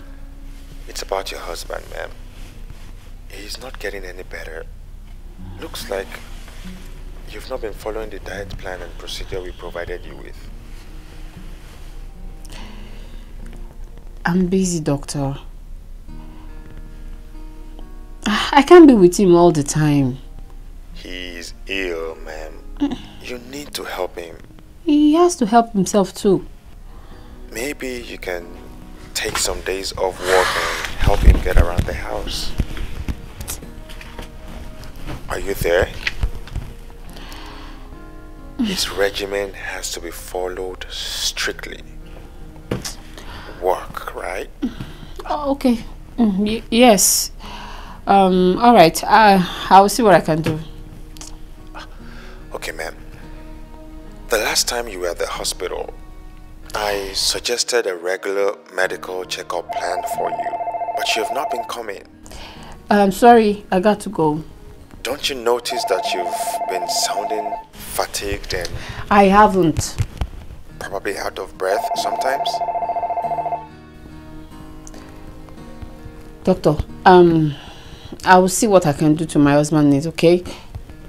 It's about your husband, ma'am. He's not getting any better. Looks like You've not been following the diet plan and procedure we provided you with. I'm busy, doctor. I can't be with him all the time. He is ill, ma'am. You need to help him. He has to help himself too. Maybe you can take some days off work and help him get around the house. Are you there? His regimen has to be followed strictly. Work, right? Oh, okay. Mm, yes. Um, all right. Uh, I'll see what I can do. Okay, ma'am. The last time you were at the hospital, I suggested a regular medical checkup plan for you, but you have not been coming. I'm um, sorry, I got to go. Don't you notice that you've been sounding fatigued and... I haven't. Probably out of breath sometimes? Doctor, um, I will see what I can do to my husband needs, okay?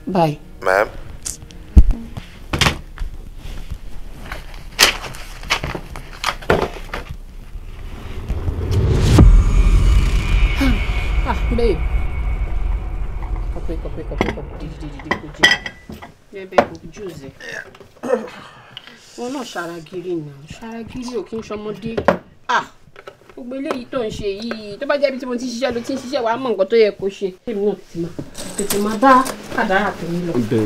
Bye. Ma'am? ṣàràgìrì nà ṣàràgìrì ò kí n ṣọmọdé ah gbogbo eléyìí tó ń ṣe yìí tó bá jẹ́ ibi tí mo ti ṣiṣẹ́ ló ti ń ṣiṣẹ́ wàá mọ̀ nǹkan tó yẹ kó ṣe. èmi náà ti máa tètè máa bá kàdárà tèmi lọ. babe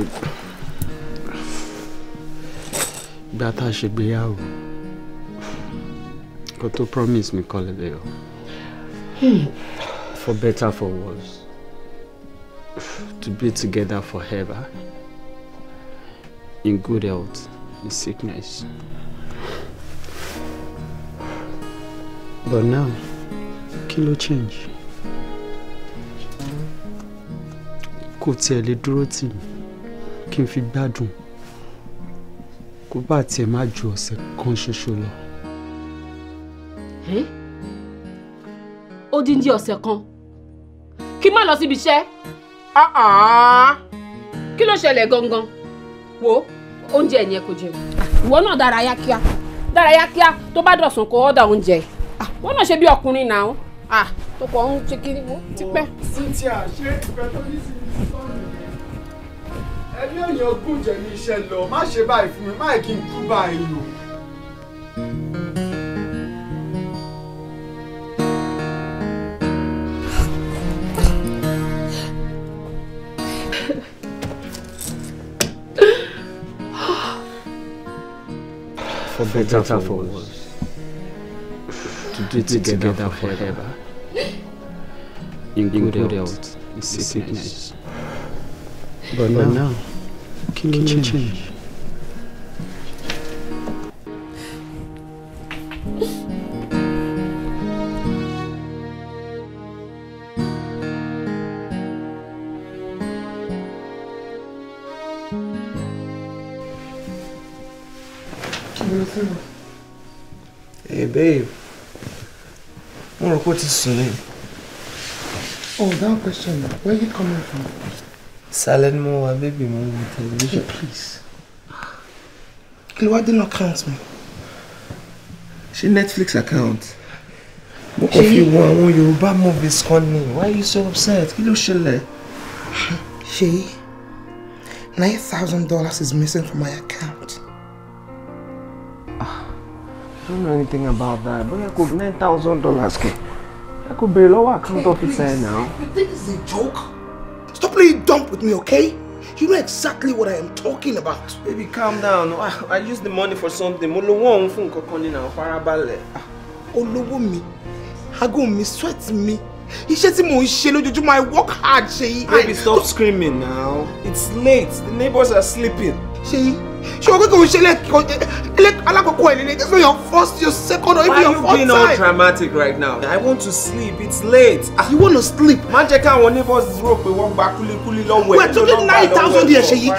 ìgbà tá a ṣe gbéyàwó kó tó promise mi kọ́ lélẹ̀ o hmm. for better for worse to be together forever in good health in sickness. But now, kilo change? Kò tiẹ̀ lè dúró tì mí kí n fi gbádùn. Kò bá tiẹ̀ má ju ọ̀sẹ̀ kan ṣoṣo lọ. Odindi ọ̀sẹ̀ kan kí má lọ síbi iṣẹ́ ah, ah. kí ló ṣẹlẹ̀ gangan wò oúnjẹ yẹn kò jẹun ìwọ náà dárayá kíá dárayá kíá tó bá dọ̀sán kó ọ̀dà oúnjẹ wọn náà ṣe bí ọkùnrin náà ah tó kọ ń ṣe kí tipẹ́. Cynthia ṣé ìfẹ́ tó ní sí ní sọ́ọ̀nù ẹni èèyàn gùn jẹ ní iṣẹ́ lọ má ṣe báyìí fún mi má kí n kú báyìí o. for better, for, for worse. To do together, together forever. In good, in good health, in sickness. But, but now, now, can you change? change? Hey, eh, babe. Mo rò pé ó ti sùn ni. Oh, that question. Where are you coming from? Silent mo wa baby mo wo television. please. Kí ló wá dé lọ count mi? Ṣé Netflix account? Mo kàn fi wo àwọn Yorùbá movies kan ni. Why are you so upset? Kí ló ṣẹlẹ̀? Ṣèyí, nine thousand dollars is missing from my account. I don't know anything about that. But I could nine thousand dollars. I could be lower account hey, officer please. now. You think this is a joke? Stop playing dumb with me, okay? You know exactly what I am talking about. Baby, calm down. I, I used the money for something. Mo lówó ọ̀hún na nǹkan kan ni náà, fara balẹ̀. mi, ago mi, sweat mi. Iṣẹ́ tí mò ń ṣe I work hard, Ṣèyí. Baby, stop screaming now. It's late. The neighbors are sleeping ṣe ṣe o kékeré ṣe alákọ̀ọ́kọ́ ẹ̀ lélẹ̀ just know your first your second or even your fourth time. why you being all dramatic right now i want to sleep it's late. Ah. you wanna sleep. má jẹ́ kí àwọn neighbors rò pé wọ́n gba kúlíkúlí lọ́wọ́ ẹ̀ tó lọ́wọ́ nine thousand yẹn ṣe yìí.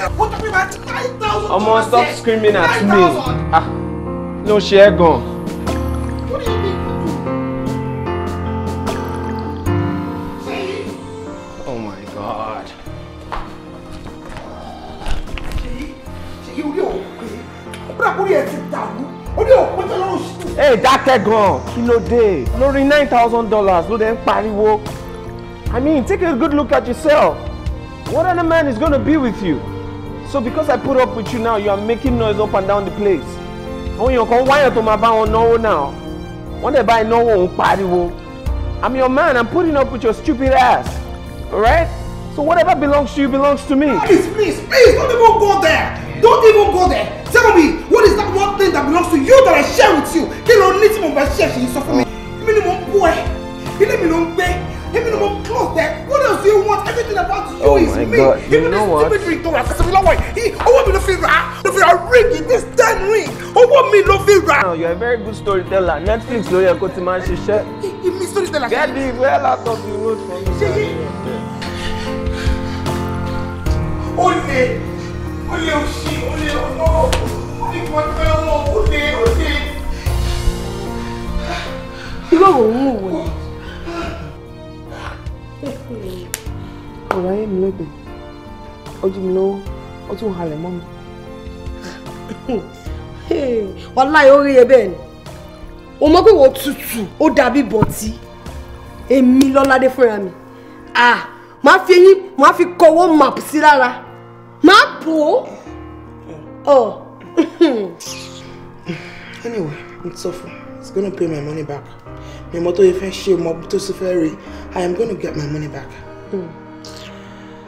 ọmọ stop screaming at me ló ah. ṣe é gan-an. ẹ dákẹ́ gan-an kí ló dé lórí nine thousand dollars ló dé ń pariwo I mean take a good look at yourself what other man is gonna be with you so because I put up with you now you are making noise up and down the place àwọn èèyàn kan wáyàn tó máa bá wọn náwó náà wọ́n dẹ̀ báyìí náwó òun pariwo I'm your man I'm putting up with your stupid ass alright so whatever belongs to you belongs to me. please please please don't even go there. Don't even go there. Tell me, what is that one thing that belongs to you that I share with you? Kí ló ní tí mo share. ṣe suffer me. fún mi? Èmi ni mo ń bú ẹ, ilé mi ló ń gbé, èmi ni mo What else do you want? Everything about you oh is me. God. You Even know this what? stupid ring tó rà kẹsàn mi lọ́wọ́ yìí, owó mi ló fi rà á, ló fi rà this damn ring, owó mi ló fi feel Now you are a very good storyteller, Netflix ló yẹ kó ti máa give me storyteller. Get the well out of the road for me. Ṣé yé? ó lè òṣì ó lè ọ̀nà ìgbọ̀n tí wọ́n mọ̀ ó lè ó lè. irú ọ̀rọ̀ òun ò wọ̀ ọ̀rọ̀ ayé mi lóde ojú mi lówó ó tún halẹ̀ mọ́ mi. wàláì ó rí ẹ ni o mọ̀ pé wọ́n tutù ó dàbí bọ̀tí èmi lọ́ládé fúnra mi ah màá fi eyín màá fi kọwọ́ map sí lára màá wo. Oh. oh. anyway, it's awful. It's gonna pay my money back. My motto if I share my to ferry, I am gonna get my money back. Hmm.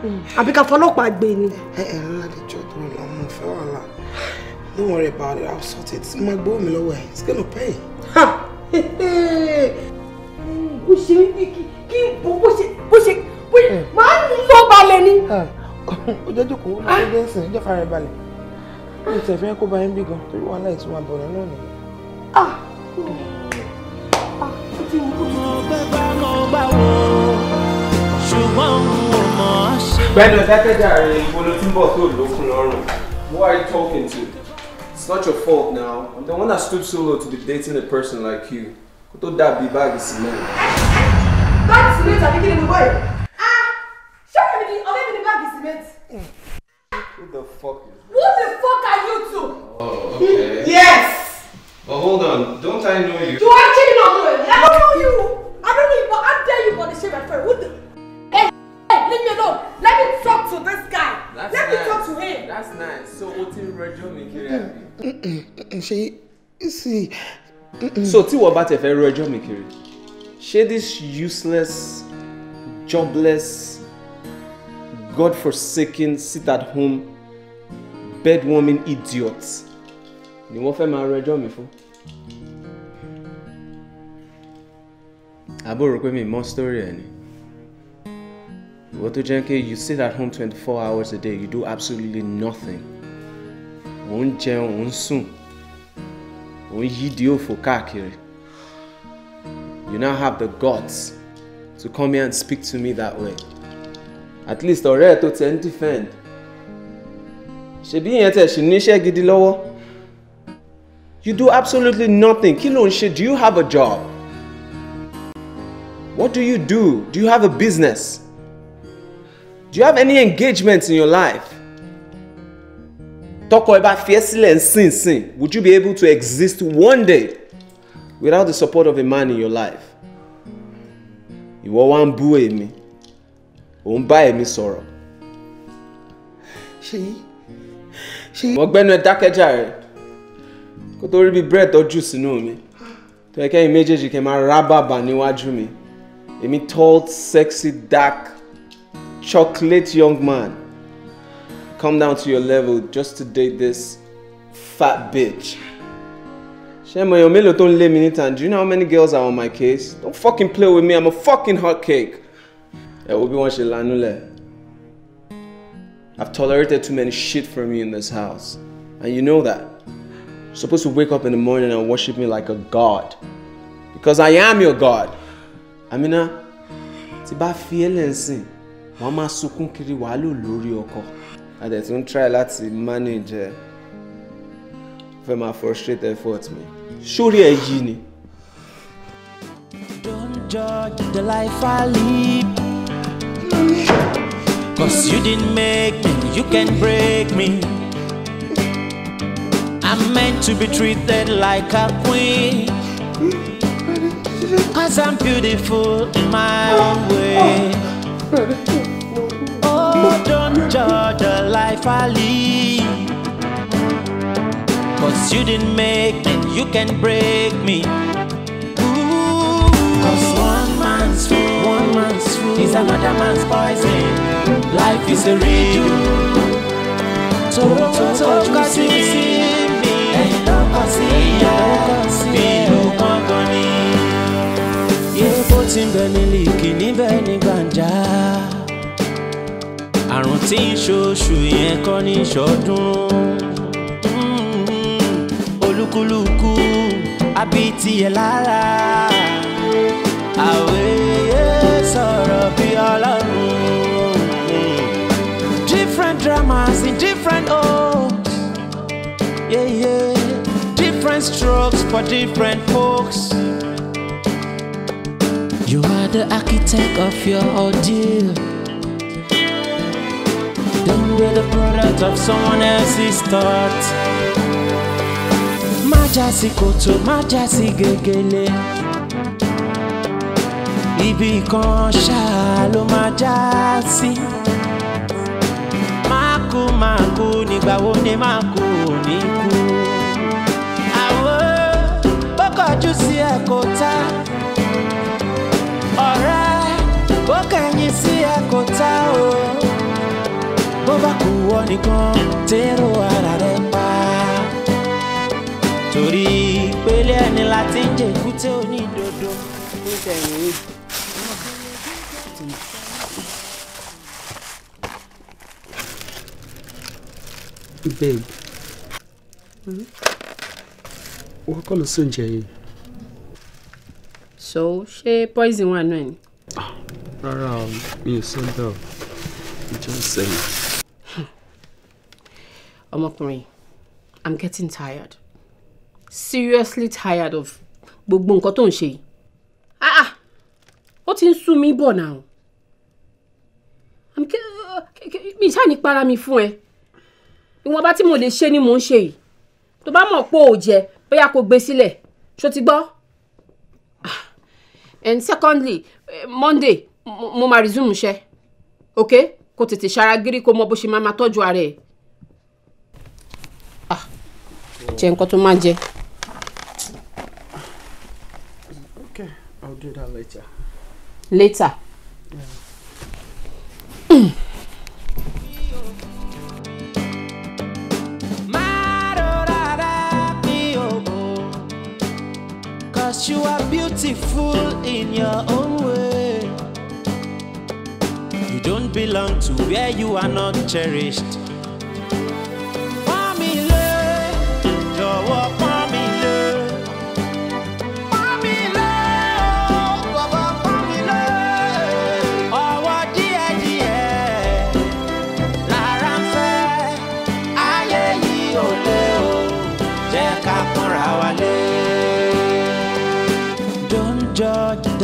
Hmm. Àbí ká fọlọ́pàá gbé ni. Ẹ eh, ẹ eh, ńlá lè jọ tó lọ mọ Don't worry about it, I'll sort it. Má gbó mi lọ́wọ́ it's gonna pay. Hmm, bó ṣe kí bó ṣe bó ṣe máa ń lọ balẹ̀ ni. ó jẹ́ jòkó ó máa ń dé sìn ìjọ fara balẹ̀ ó ti ẹ̀fẹ́ kó ba ẹ́ ń bí gan torí wàhálà ìtura bọ̀rọ̀ náà ni. Ah! Ah! bẹ́ẹ̀ni ọ̀dákẹ́jà rẹ̀ ibo ló ti ń bọ̀ tó lókun lọ́rùn who are you talking to it's not your fault now i'm the one that stood so low to be dating a person like you kó tó dàbí báàgì sílẹ̀. báàgì sílẹ̀ tàbí kí ni mo bọ̀ yìí mate. Who the fuck is this? Who the fuck are you two? Oh, okay. Yes! But hold on, don't I know you? Do I actually not know you? I don't know you! I don't know you, but I dare you for the shame, my friend. Who the... Hey, hey, leave me alone. Let me talk to this guy. That's Let nice. me talk to him. That's nice. So, what ti ń rẹjọ́ mi kiri àbí? Ṣé ìsì... So, tí wọ́n bá tẹ̀ fẹ́ rẹjọ́ mi kiri, ṣé this useless, jobless... God forsaken, sit at home, bedwarming idiots ni wọ́n fẹ́ máa rẹjọ́ mi fún. àbúrò pé mi mọ story ẹ̀ ni ìwọ tó jẹ́ pé you sit at home twenty four hours a day you do absolutely nothing ò ń jẹun ò ń sùn ò ń yídi òfò káàkiri you now have the guts to come here and speak to me that way at least ọ̀rẹ́ ẹ̀ tó tẹ̀ ń defend ṣebí ìyẹn tẹ̀ ṣì níṣẹ́ gidi lọ́wọ́ you do absolutely nothing kí ló ń ṣe do you have a job what do you do do you have a business do you have any engagement in your life tọkọ ẹ bá fi ẹ́ sílẹ̀ nsinsin would you be able to exist one day without the support of a man in your life ìwọ wá ń bú èmi ò ń bá ẹ̀mí sọ̀rọ̀. ṣèyí ṣèyí. wọ́n gbẹ́nu ẹ dákẹ́jà rẹ̀ kó tó rí bí bread tó jù sínú mi tó yẹ kẹ́yìn méjèèjì kẹ́ máa rábàbà níwájú mi èmi tall sexy dark chocolate young man come down to your level just to date this fat bitch. Ṣé mo èèyàn mélòó tó ń lé mi níta? Do you know how many girls are on my case? Don't fucking play with me, I'm a fucking hot cake ẹ wo bí wọ́n ṣe lanúlẹ̀ I've tolerated too many shit from you in this house and you know that you're supposed to wake up in the morning and worship me like a god because I am your god Amina tí bá fi ẹlẹ́nsìn wọ́n máa sunkún kiri wàhálò lórí ọkọ adẹ̀ tó ń try láti manage ẹ fẹ́ máa frustrate effort mi sórí ẹ yìí ni. Don't judge the life I lead. Cause you didn't make me, you can not break me I'm meant to be treated like a queen Cause I'm beautiful in my own way Oh, don't judge the life I lead Cause you didn't make me, you can not break me Cause one man's food, one man's food is another man's poison Life is a radio. Tòrò tọ́jú sí mi, ẹ̀yin náà kàn sí ìyá, bí ìlú kankan ni. Yéèpo ti ń bẹ ní líìkì níbẹ̀ ní gbàǹjà. Àrùn tí ń ṣoṣù yẹn kọ́ ní ìṣọ́dún. Hmm. Olúkúlùkù àbí tiẹ̀ lára. Àwẹ̀ sọ̀rọ̀ bí Ọlọ́run. farmers in different homes. Yeah, yeah. Different strokes for different folks. You are the architect of your ordeal. Don't be the product of someone else's thought. Majasi koto, majasi gegele. Ibi kan ṣáà ló máa já ìyàwó ni máa ku. òní kú. àwọn ó kọjú sí ẹ̀kọ́ta ọ̀rá ó kẹ̀yìn sí ẹ̀kọ́ta o. bó bá kú wọ nìkan tẹ́rù ara rẹ̀ pa. torí pélé ẹni láti ń jẹ́ èkúté onídodo ní tẹ̀yìn yìí. babe hmm? wọ́n kọ́ ló sóúnjẹ yìí. so ṣé poison wà náà ni. Ah, rárá o mi ò sọ bẹ́ẹ̀ o ìjọ sẹ́yìn. Hmm. ọmọkùnrin i'm getting tired seriously tired of gbogbo nǹkan tó ń ṣe yìí ah ah ó ti ń sú mi bọ̀ náà mi ṣáà ní para mi fún ẹ ìwọ̀nba tí mo lè ṣe ni mò ń ṣe yìí tó bá mọ̀ pé ò jẹ bóyá kò gbé sílẹ̀ ṣó ti gbọ́. Ah. and secondly eh, monday mo máa resume iṣẹ́ ok kò tètè ṣara gírí kó mọ bó ṣe máa máa tọ́jú ara ẹ̀. Ah. jẹ nǹkan tó máa jẹ. okay I'll do that later. later. Yeah. Hmm. Cause you are beautiful in your own way. You don't belong to where you are not cherished. Family,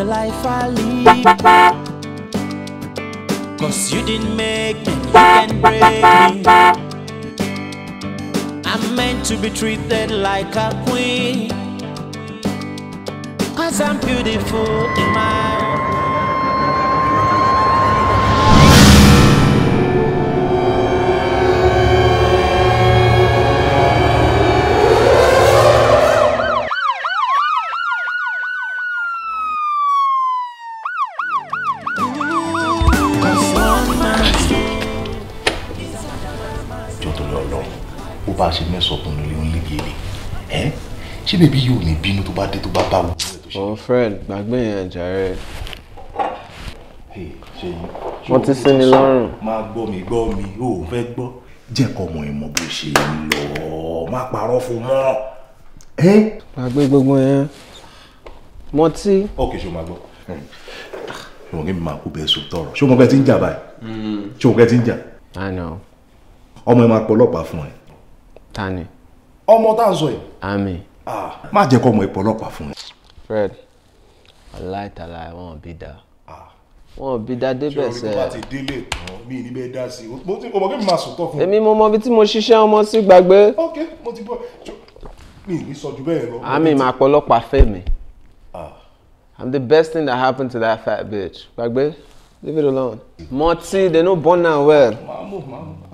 life I lead. Cause you didn't make me, you can break me. I'm meant to be treated like a queen Cause I'm beautiful in my ṣé bèbí yóò ní bínú tó bá dé tó bá bá wù. òun oh, fred gbàgbé yẹn jàre. wọ́n ti sí ni lọ́rùn. máa gbọ́ mi gbọ́ mi ò fẹ́ gbọ́ jẹ́ kọ́ ọmọ ìmọ̀ bó ṣe lọ má parọ́ fún mọ́. gbàgbé gbogbo yẹn mọtí. ok ṣé o máa gbọ́ ṣé o kí n máa kú bẹ́ẹ̀ sùn tọrọ ṣé o mọ ti ń jà báyìí mm. ṣé o kẹ́ ti ń jà. I know. ọmọ ẹ máa pọ̀ ọlọ́pàá fún ẹ. ta ni. ọmọ tá à ń sọ yìí. àmín. Ah, má jẹ́ kọ́ ọmọ ipò ọlọ́pàá fún mi. Fred aláìtàlà wọn bí da wọn bí da débẹ̀ sẹ́. ṣé orí tó bá ti délé tán mi ní bẹ́ẹ̀ dá sí i mo ti ọmọ kí mi máa sòtọ́ fún. èmi mo mọ ibi tí mo ṣiṣẹ́ ọmọ sí gbàgbé. ok mo ti bọ́ mi ní sọ ju bẹ́ẹ̀ lọ. àmì máa pọ̀ ọlọ́pàá fẹ́ mi. Ah. I'm the best thing that happened to that fat bitch. Gbàgbé, leave it alone. Mọtí, they no born am well. Màmú, màmú.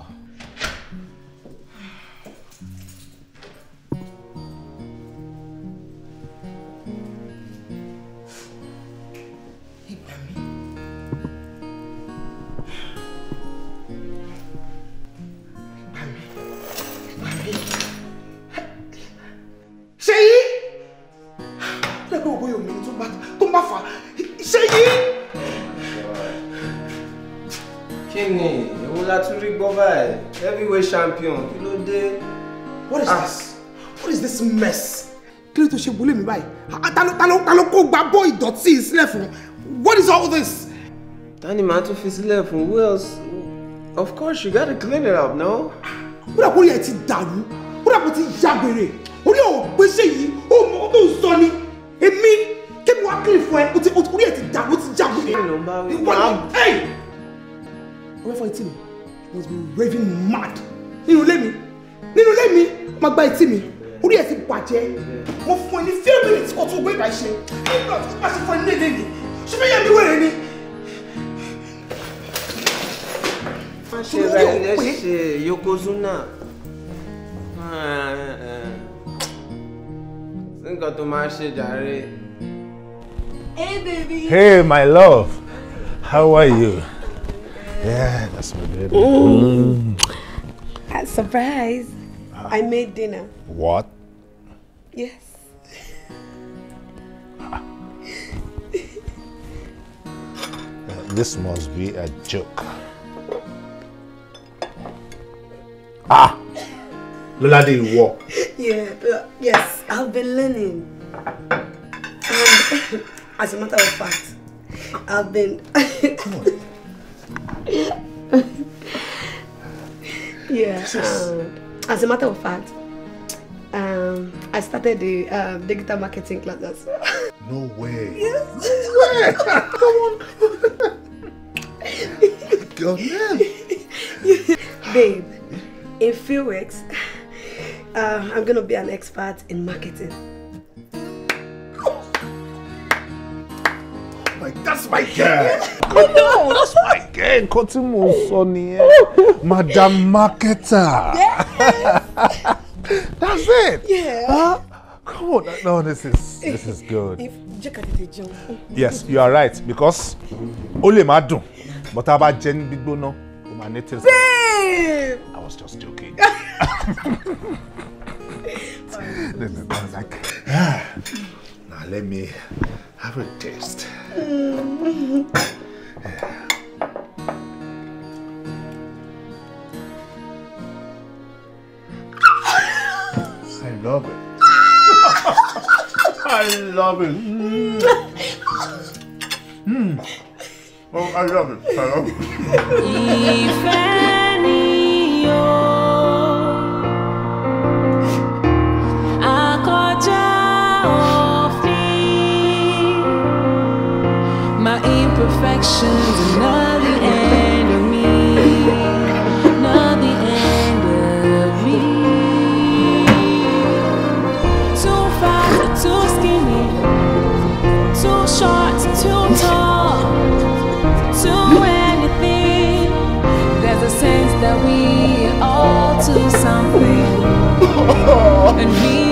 Ṣèyí lẹ́gbẹ́ òbó yóò mẹ́rin tó ń bá fà Ṣèyí. kí ni èwo la tún rí gbọ́ báyìí heavyweight champion kí ló dé. what is ah. this what is this mess kí ló tó ṣe bolé mi báyìí ah, ta ló kó gba bọ́ ìdọ̀tí sílẹ̀ fún what is all this. tani màá tún fi sílẹ̀ fún who else of course you gotta clean it up no. kúrò kúrò yẹn ti dàrú kúrò kúrò ti yàgbèrè orí ò gbéṣẹ́ yìí ó mọ ọdún òun sọ ni èmi kébù wá kílì fún ẹ orí ẹ ti dà ó ti jágbe. ìwọ ni hey ọmọ ẹfọ etí mi must be raving mad nínú ilé mi nínú ilé mi má gba etí mi orí ẹ ti bàjẹ́ mo fún ẹ ní few minutes kó tó gbé ìgbà ìṣe nígbà tó bá ṣe fún ẹ ní èdè yìí ṣé fẹ́ yẹ mi wẹ̀rẹ̀ ni. ṣe rẹ̀ ní ṣe yokozuna. go tó my ṣe jàre. Hey baby. Hey my love, how are you? Yeah, that's my baby. Mm. Surprise! I made dinner. What? Yes. this must be a joke. Ah! didn't walk. Yeah, yes, I've been learning. Um, as a matter of fact, I've been. Come on. yeah. Um, as a matter of fact, um, I started the um, digital marketing class as well. No way. Yes. way. Come on. Go man. Babe, in few weeks. uh, I'm gonna be an expert in marketing. Like, oh that's my girl. oh no, that's my girl. Nǹkan tí mò ń Madam Marketer. Yes. that's it. Yeah. Huh? Come on. No, this is this is good. If yes, you are right because only lè but about a bá jẹ ní gbígbóná ó máa ní I was just joking. then was like, ah, now let me have a taste. yeah. I love it. I love it. Mm. Mm. Oh, I love it. I love it. imperfections and not the end of me, not the end of me. Too fat, too skinny, too short, too tall, too anything. There's a sense that we are all to something, and me.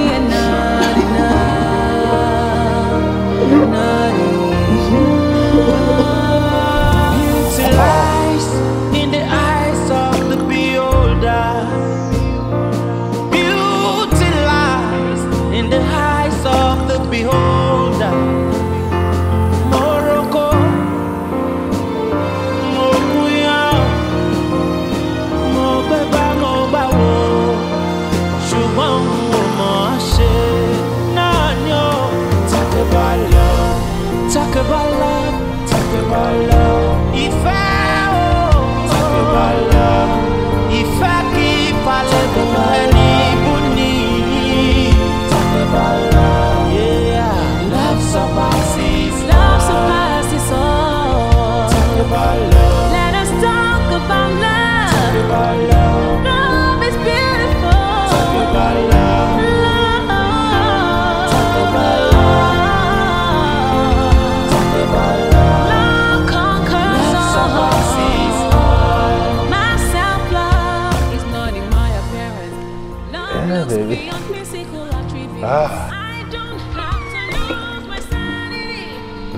Ah.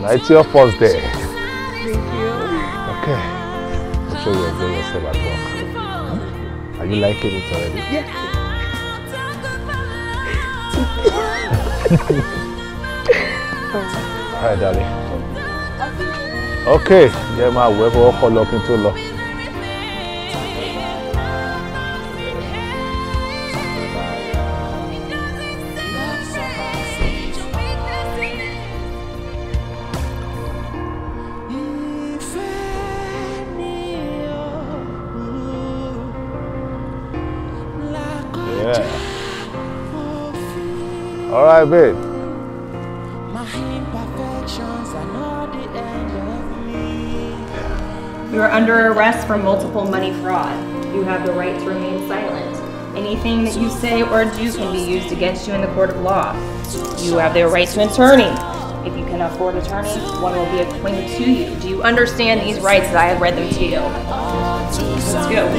Right your first day. Thank you. Okay. I'm sure you enjoy yourself at work. Huh? Are you liking it already? Yes. All darling. Okay, jẹ́ my wẹ̀ fọwọ́ kọ́ into kí my My imperfections are not the end of me. You are under arrest for multiple money fraud. You have the right to remain silent. Anything that you say or do can be used against you in the court of law. You have the right to an attorney. If you cannot afford an attorney, one will be appointed to you. Do you understand these rights that I have read them to you? Let's go.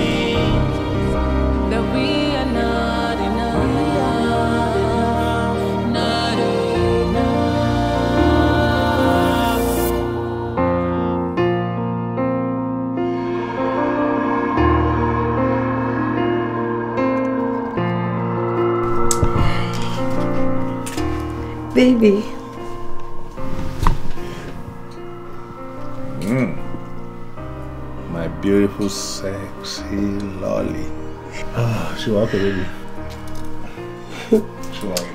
baby. Mm. My beautiful, sexy lolly. Ah, she wants a baby. she wants.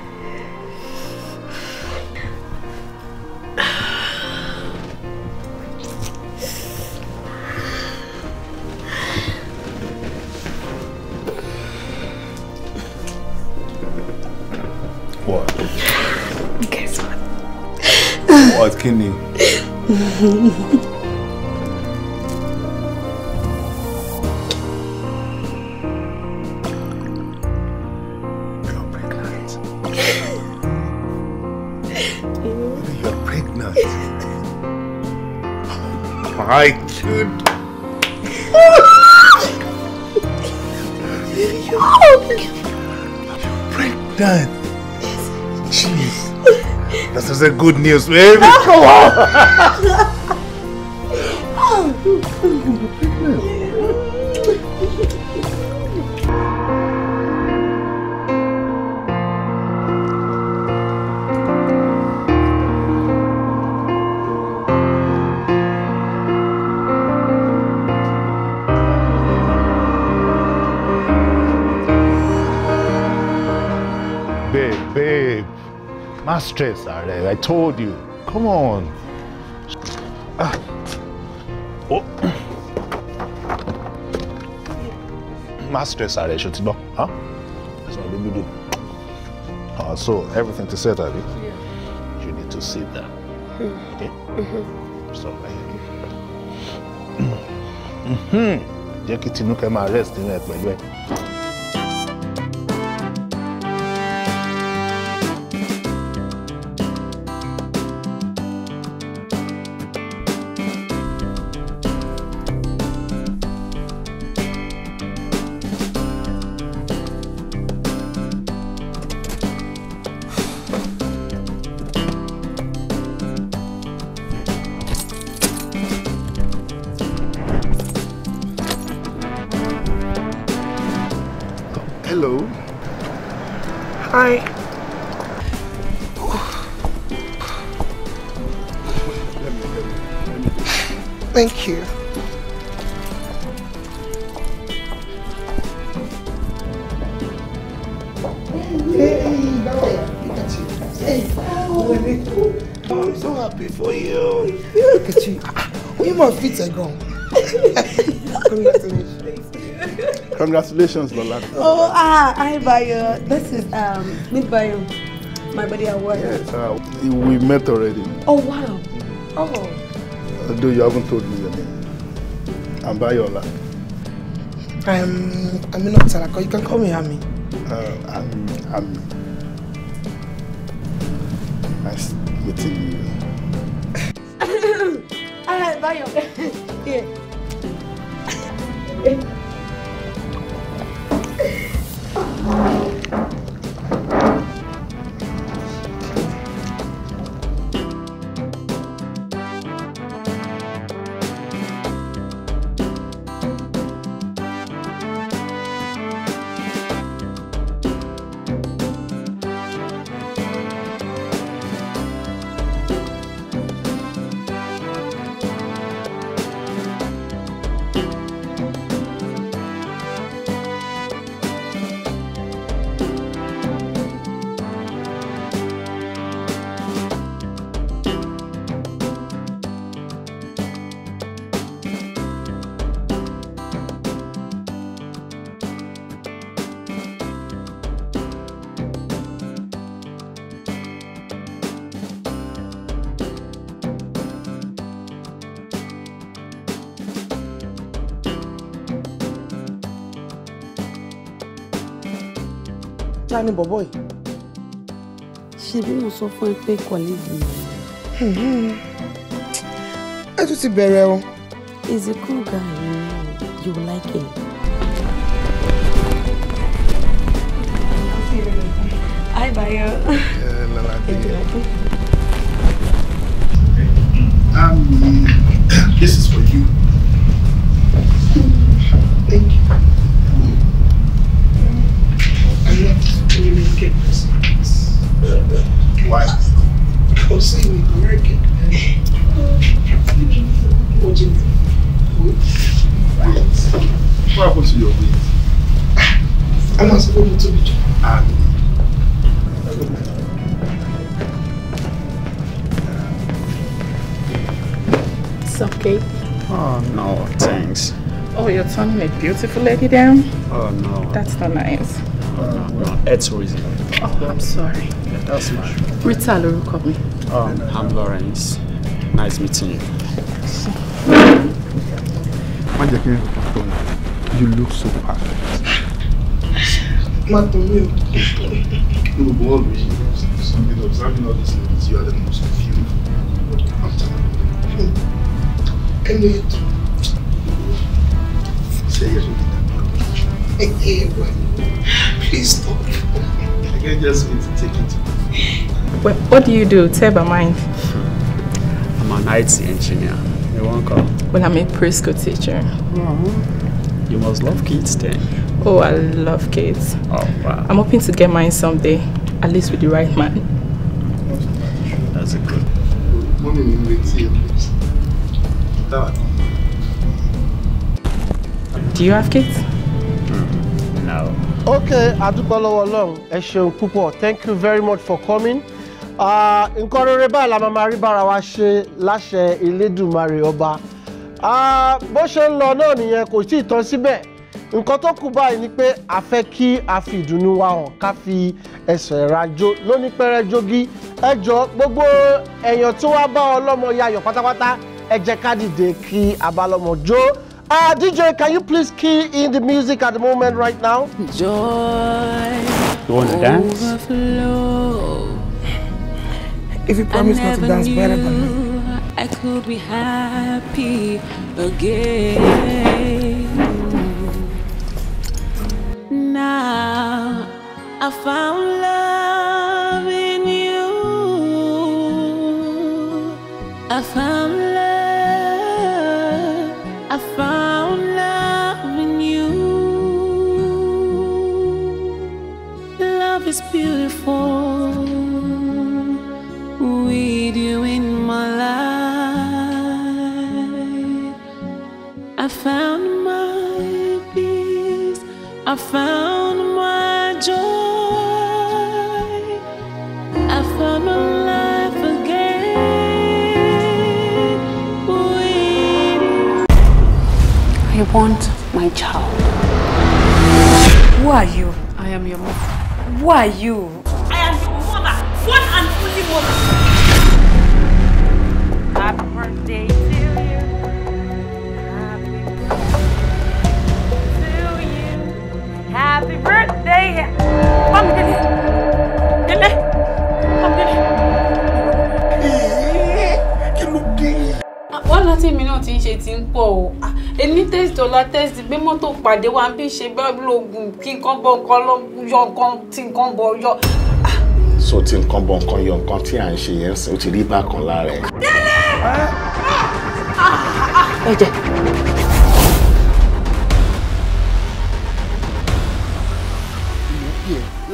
kí is a good news, baby. Oh, come on. Babe, babe, my stress, I told you. Come on. Ah. Oh. Má stress ara ẹ̀ ṣo ti That's my baby do. Uh, so everything to set, Abby? Yeah. You need to sit down. Hmm. Okay? Mm-hmm. mm-hmm. Stop right here. Mm-hmm. mm-hmm. Jẹ́ kí Tinúkẹ́ máa rest nínú ẹ̀ pẹ̀lú ẹ̀. happy for you. Look at you. You must fit a gun. Congratulations. Lola. Oh, ah, hi, Bayo. This is um, Meet Bayo, my buddy at work. Yes, uh, we met already. Oh, wow. Oh. Do you haven't told me your name. I'm Bayola. I'm I'm Amina Tarako. You can call me Ami. Uh, I'm Ami. Nice meeting you. だよね。ta ni bọ̀bọ̀ yìí. ṣe mo sọ fún ẹ pé kọ́lẹ́ẹ̀dì mi. ẹ tún ti bẹ̀rẹ̀ o. he's a cool guy you know you like him. Hi, Bayo. Yeah, okay. Oh, no, thanks. Oh, you're turning a beautiful lady down? Oh, no. That's not nice. Oh, no, no. It's Oh, I'm sorry. that's my. Rita lórúkọ mi. Oh, I'm Lawrence. Nice meeting you. You look so perfect. Not to you Look, what we observing all these ladies, you are the most en esto. Please stop. I can just wait to take it. What, what do you do? Tell my mind. Hmm. I'm an IT engineer. You won't call. Well, I'm a preschool teacher. Oh, you must love kids then. Oh, I love kids. Oh, wow. I'm hoping to get mine someday, at least with the right man. That's a good. Morning, done. Do you have kids? Mm-hmm. no. Okay, adúpẹ́ lọ́wọ́ Ọlọ́run. Ẹ ṣeun púpọ̀. Thank you very much for coming. Ah, nǹkan rere báyìí la máa máa rí bára wa ṣe láṣẹ Elédùmarè ọba. Ah, bó ṣe ń lọ náà nìyẹn kò tí ì tán síbẹ̀. Nǹkan tó wa hàn ká fi ẹ̀sọ̀ ẹ̀ra jó lónípẹ̀rẹ̀ jogi. Ẹ jọ gbogbo èèyàn tí wọ́n bá ọlọ́mọ yayọ̀ pátápátá. ẹ jẹ́ ká dìde kí Uh, DJ, can you please key in the music at the moment right now? Joy. You want to dance? If you promise not to dance better than me. I could be happy again. Now I found love. found my peace. I found my joy. I found my life again. I want my child. Who are you? I am your mother. Who are you? I am your mother. What an happy birthday. Come, Dele. Dele. Come, Dele. Kí ló dé? Wọ́n láti èmi náà ti ń ṣe ti ń pọ̀ o. Èmi test ọ̀la test gbé mọ́tò pàdé wa bí ṣe bá lóògùn kí nǹkan bọ̀ nǹkan lọ yọ nǹkan tí nǹkan bọ̀ yọ. So tí nǹkan bọ̀ nǹkan yọ nǹkan tí à ń ṣe yẹn ó ti rí bákan lára ẹ̀. Dele! Ẹ̀jẹ̀.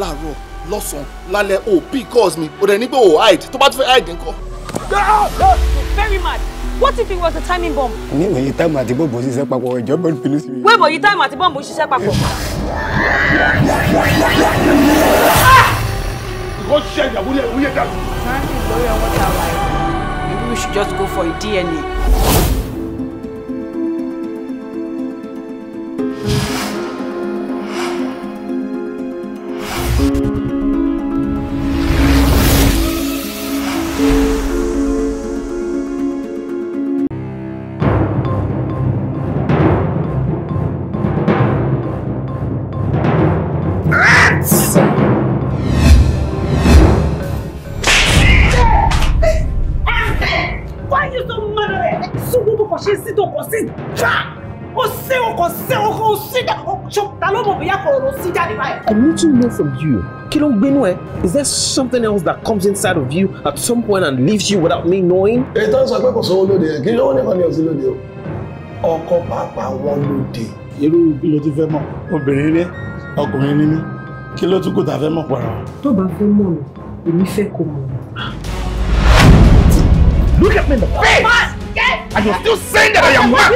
láàárọ̀ lọ́sàn-án lálẹ́ o oh, because mi o dẹ̀ ní o hide tó bá tún fẹ́ hide nǹkan. very mad what if it was a timing bomb. ní ìwòye táìmù àti bọ́ọ̀bù ṣiṣẹ́ papọ̀ ẹ̀jọ́ bẹ́ẹ̀ pinnu sí mi. wíwò yìí táìmù àti bọ́ọ̀bù ṣiṣẹ́ papọ̀. ìwọ ṣe ìyàwó yẹ ìwúyẹ dànù. maybe we should just go for a DNA. I need to know from you. Kí ló Is there something else that comes inside of you at some point and leaves you without me knowing? Ètò sọ pé kò sówó lóde yẹn, kí ló ní kọ́ni ọ̀sìn lóde o? Ọkọ pàápàá wọn lóde. Irú kí ló tún fẹ́ mọ̀? Obìnrin ni ọkùnrin ni mí. Kí ló tún kò tá fẹ́ mọ̀ Look at me in the face! And you're still saying that I am mad!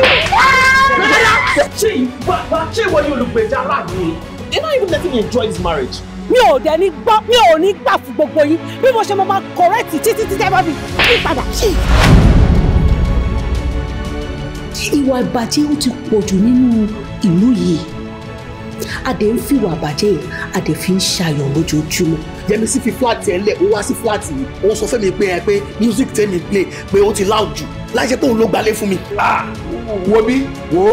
Ah! Ṣé ìwọ ni olùgbèjà aláàbò ni? They're not even letting me enjoy this marriage. Mi ò dẹ̀ ní gbọ́, mi ò ní gbà fún gbogbo yín. Bí mo ṣe mo máa correct títí títí ẹ bá fi yí padà. Ìwà ìbàjẹ́ ó ti pọ̀ jù nínú ìlú yìí. Adé ń fi ìwà ìbàjẹ́ yìí, Adé fi ń ṣayọ̀ lójoojúmọ́. Yẹmísí fi fúláàtì ẹ̀ lẹ̀, ó wá sí fúláàtì yìí. Ó sọ fẹ́mi pé ẹ pé music tẹ́mi play pé ó ti loud jù láì ṣe pé òun ló gbalé fún mi. Ah, wo bí wo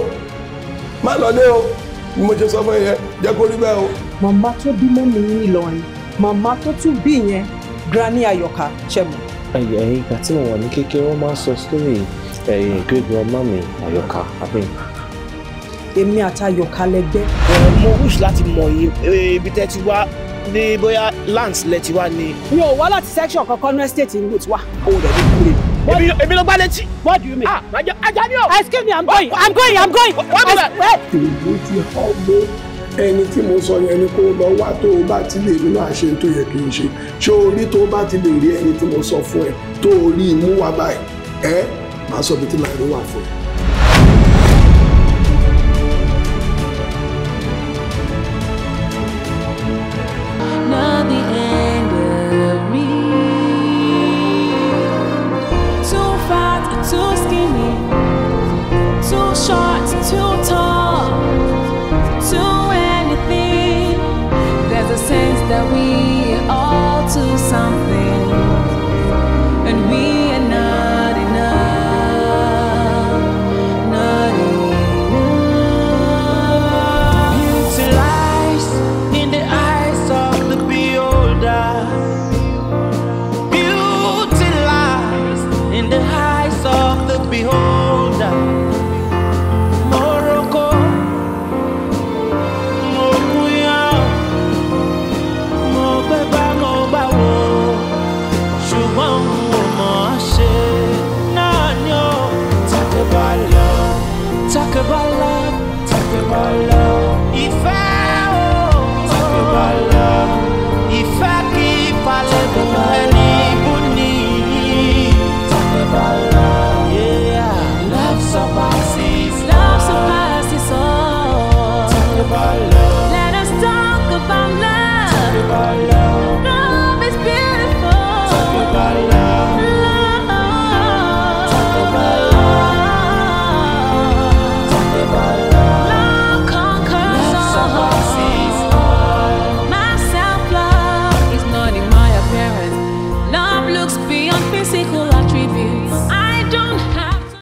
má lọ lé o bí mo ṣe sọ fún yẹn jẹ́ kó rí bẹ́ẹ̀ o. màmá tó bímọ mi ní Ìlọrin màmá tó tún bí yẹn granny Ayọ̀ká ṣẹ̀mọ̀. ẹyẹ ìgbà tí mo wà ní kékeré wọn máa sọ sítórí ẹyẹ great grandma mi Ayọ̀ká abẹ. èmi àti Ayọ̀ká lẹgbẹ́. mo wish láti mọ ibi tẹ́ ti wá ní bóyá lands lẹ ti wá ní. mi ò wá láti section kankan ní estate ìlú tiwa. ó rẹ̀ ní kúrè what do you mean. ah excuse me i'm going i'm going i'm going. wọ́n ti bẹ̀. èmi ti ọgbọ́ ẹni tí mo sọ yẹn ni kó lọ wá tó o bá ti lè rí náà ṣe tó yẹ kí n ṣe ṣé o rí tó o bá ti lè rí ẹni tí mo sọ fún ẹ tó o rí imú wa báyìí ẹ máa sọ bí tí màá rí wà fún ẹ.